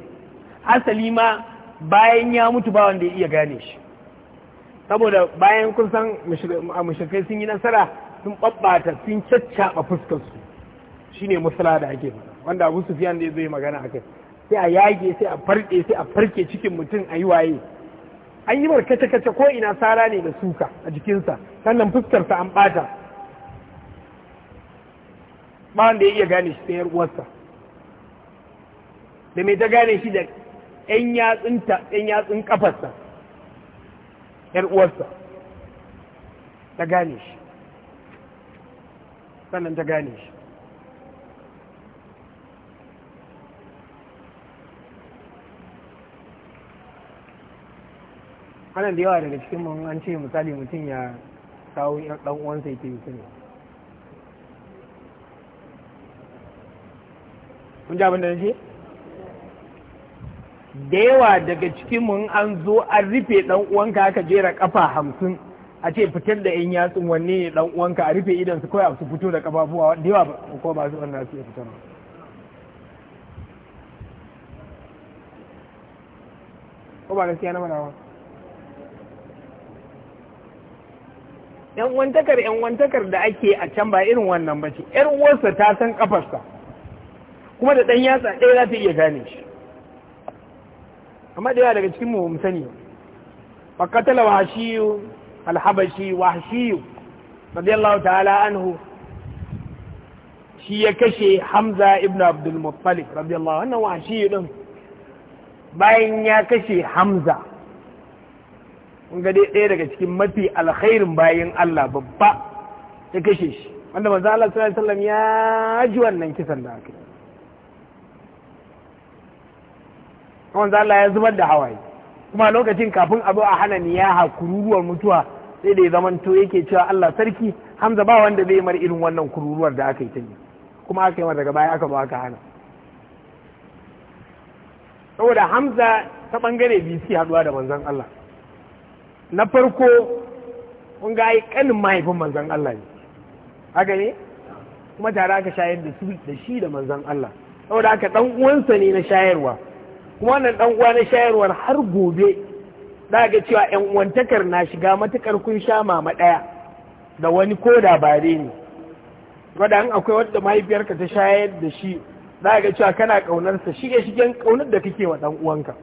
asali ma bayan ya mutu ba wanda ya iya gane shi saboda bayan kun san mushrikai sun yi nasara sun babbata sun caccaba fuskar shi shine musula da ake wanda Abu Sufiyan da zai magana a kai, sai a yage sai a farke sai a farke cikin mutum a yi waye an yi markace kace ko ina sara ne da suka a jikinsa sannan fuskarsa an bata ba wanda ya iya gane shi sai uwarsa da mai ta gane shi da 'yan yatsun kafarsa yar uwarsa ta gane shi sannan ta gane shi ana da yawa daga cikin mun an ce misali mutum ya kawo ɗan uwansa yake yi sani kun ji abin da na ce da yawa daga cikin mun an zo an rufe dan uwanka aka jera kafa hamsin a ce fitar da yan yatsun wanne ne dan uwanka a rufe idan su kawai su fito da kafafuwa da yawa ko ba su wannan su fitar ko ba gaskiya na manawa yan wantakar yan wantakar da ake a can ba irin wannan ba ce yar uwarsa ta san kafarsa kuma da dan yatsa ɗaya za ta iya gane shi amma da daga cikin mu mu sani fa qatala wahshiyu al-habashi wahshiyu radiyallahu ta'ala anhu shi ya kashe Hamza ibn Abdul Muttalib radiyallahu anhu wahshiyu din bayan ya kashe Hamza kun ga dai ɗaya daga cikin mafi alkhairin bayan Allah babba ya kashe shi wanda manzo Allah sallallahu alaihi wasallam ya ji wannan kisan da aka yi manzo Allah ya zubar da hawaye kuma lokacin kafin abu a hana ni niyaha kururuwar mutuwa sai da ya zamanto yake cewa Allah sarki Hamza ba wanda zai mar irin wannan kururuwar da aka yi ta kuma aka yi daga baya aka ba aka hana saboda Hamza ta bangare biyu su haduwa da manzon Allah na farko kun ga ai kanin mahaifin manzon Allah ne haka ne kuma tare aka shayar da shi da manzon Allah saboda aka dan uwansa ne na shayarwa kuma wannan dan uwa na shayarwar har gobe da ga cewa yan uwantakar na shiga matukar kun sha mama ɗaya da wani ko da bare ne wanda an akwai wanda mahaifiyarka ta shayar da shi da ga cewa kana sa shige shigen kaunar da kake wa dan uwanka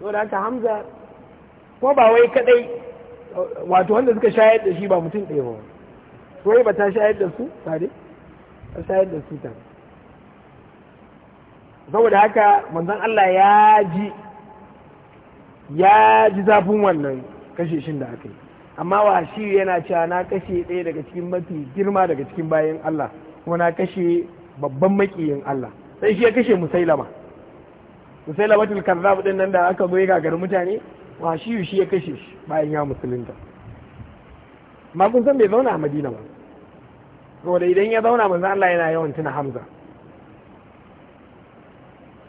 to da haka Hamza ko ba wai kadai wato wanda suka shayar da shi ba mutum ɗaya ba wai ba ta shayar da su tare ta shayar da su ta. saboda haka manzon Allah ya ji ya ji zafin wannan kashe shin da aka yi amma wa shi yana cewa na kashe ɗaya daga cikin mafi girma daga cikin bayan Allah kuma na kashe babban makiyin Allah sai shi ya kashe musailama musailama til kazzab din nan da aka zo ya gagari mutane wa shi shi ya kashe shi bayan ya musulunta ma kun san bai zauna a Madina ba saboda idan ya zauna manzon Allah yana yawan tuna Hamza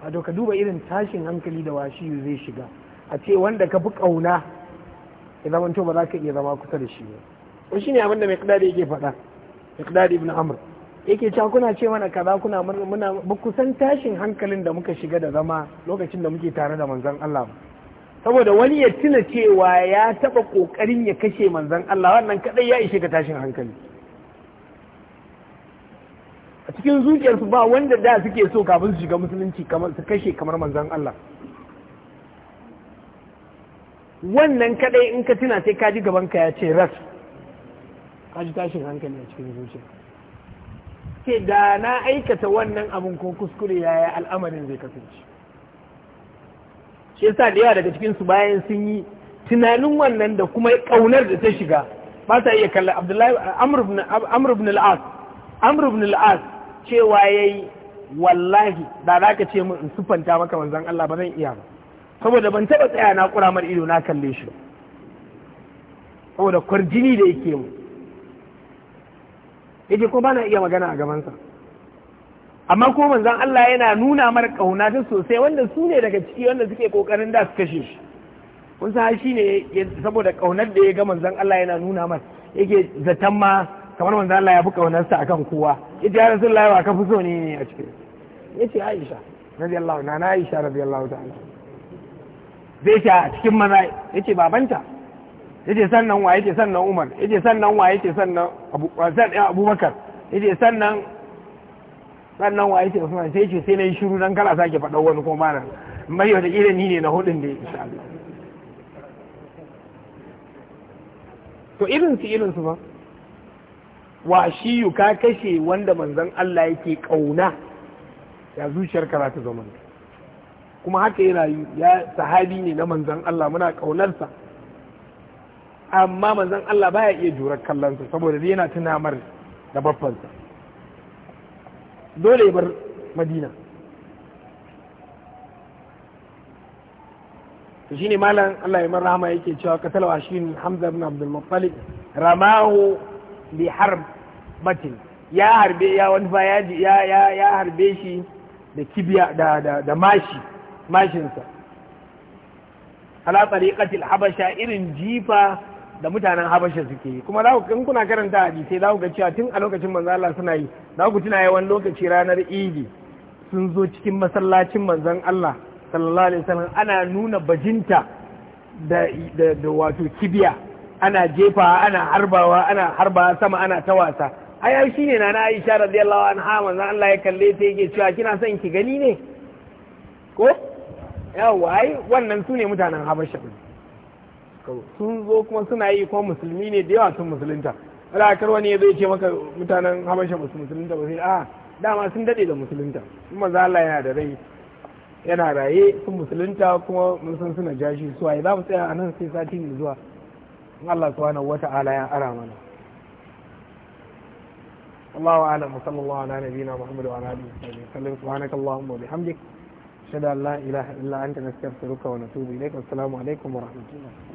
wato ka duba irin tashin hankali da washi zai shiga a ce wanda ka fi ƙauna ya zama to ba za ka iya zama kusa da shi ba to shine abin da mai da yake faɗa da ibn amr yake cewa kuna ce mana kaza kuna muna ba kusan tashin hankalin da muka shiga da zama lokacin da muke tare da manzon Allah ba? saboda wani ya tuna cewa ya taɓa ƙoƙarin ya kashe manzon Allah wannan kaɗai ya ishe ka tashin hankali cikin zuciyarsu ba wanda da suke so kafin su shiga musulunci kamar su kashe kamar manzon Allah wannan kadai in ka tuna sai ka ji gaban ka ya ce ras ka ji tashin hankali a cikin zuciya ke da na aikata wannan abin ko kuskure yaya al'amarin zai kasance shi yasa da yawa daga cikin su bayan sun yi tunanin wannan da kuma kaunar da ta shiga ba ta iya kalla abdullahi amr ibn al-as amr ibn al-as cewa ya yi wallahi da za ka ce min in sufanta maka wanzan Allah ba zan iya ba saboda ban taba tsaya na kuramar ido na kalle shi saboda kwarjini da yake mu yake ko bana iya magana a gabansa amma ko wanzan Allah yana nuna mara kauna ta sosai wanda su ne daga ciki wanda suke kokarin da su kashe shi kun sa shi ne saboda kaunar da ya ga manzon Allah yana nuna masa yake zaton ma kamar wanda Allah ya fi kaunarsa akan kowa ita ya rasulullahi ba ka fi so ne a cikin yace Aisha radiyallahu na na Aisha radiyallahu ta'ala zai ce a cikin maza yace babanta yace sannan wa yace sannan Umar yace sannan wa yace sannan Abu Abubakar yace sannan sannan wa yace Usman sai yace sai na yi shiru dan kala sake faɗa wani ko mana mai wata kila ni ne na hudun da insha Allah to irin su irin su ba washiyu ka kashe wanda manzon Allah yake kauna ya zuciyar ka za ta zama kuma haka ya rayu ya sahabi ne na manzon Allah muna kaunarsa amma manzon Allah baya iya jurar kallonsa saboda yana tunamar da babbansa dole bar madina to shine malam Allah ya rahama yake cewa katalwa shi Hamza ibn Abdul Muttalib ramahu li harb batin ya harbe ya wani ya ya harbe shi da kibiya da mashi mashinsa ala tariqatil habasha irin jifa da mutanen habasha suke yi kuma zaku kuna karanta hadisi zaku ga cewa tun a lokacin manzo Allah suna yi ku tuna yi lokaci ranar idi sun zo cikin masallacin manzon Allah sallallahu alaihi wasallam ana nuna bajinta da wato kibiya ana jefa ana harbawa ana harba sama ana ta wasa ai shi ne na Aisha radiyallahu anha manzon Allah ya kalle ta yake cewa kina son ki gani ne ko yawa ai wannan su ne mutanen Habasha sun zo kuma suna yi kuma musulmi ne da yawa sun musulunta alakar wani ya zai ce maka mutanen Habasha ba su musulunta ba sai a dama sun dade da musulunta kuma manzon Allah yana da rai yana raye sun musulunta kuma mun san suna jashi su suwaye za mu tsaya a nan sai sati mai zuwa in Allah subhanahu wata'ala ya ara mana الله أعلم وصلى الله على نبينا محمد وعلى آله وصحبه وسلم سبحانك اللهم وبحمدك أشهد أن لا إله إلا أنت نستغفرك ونتوب إليك والسلام عليكم ورحمة الله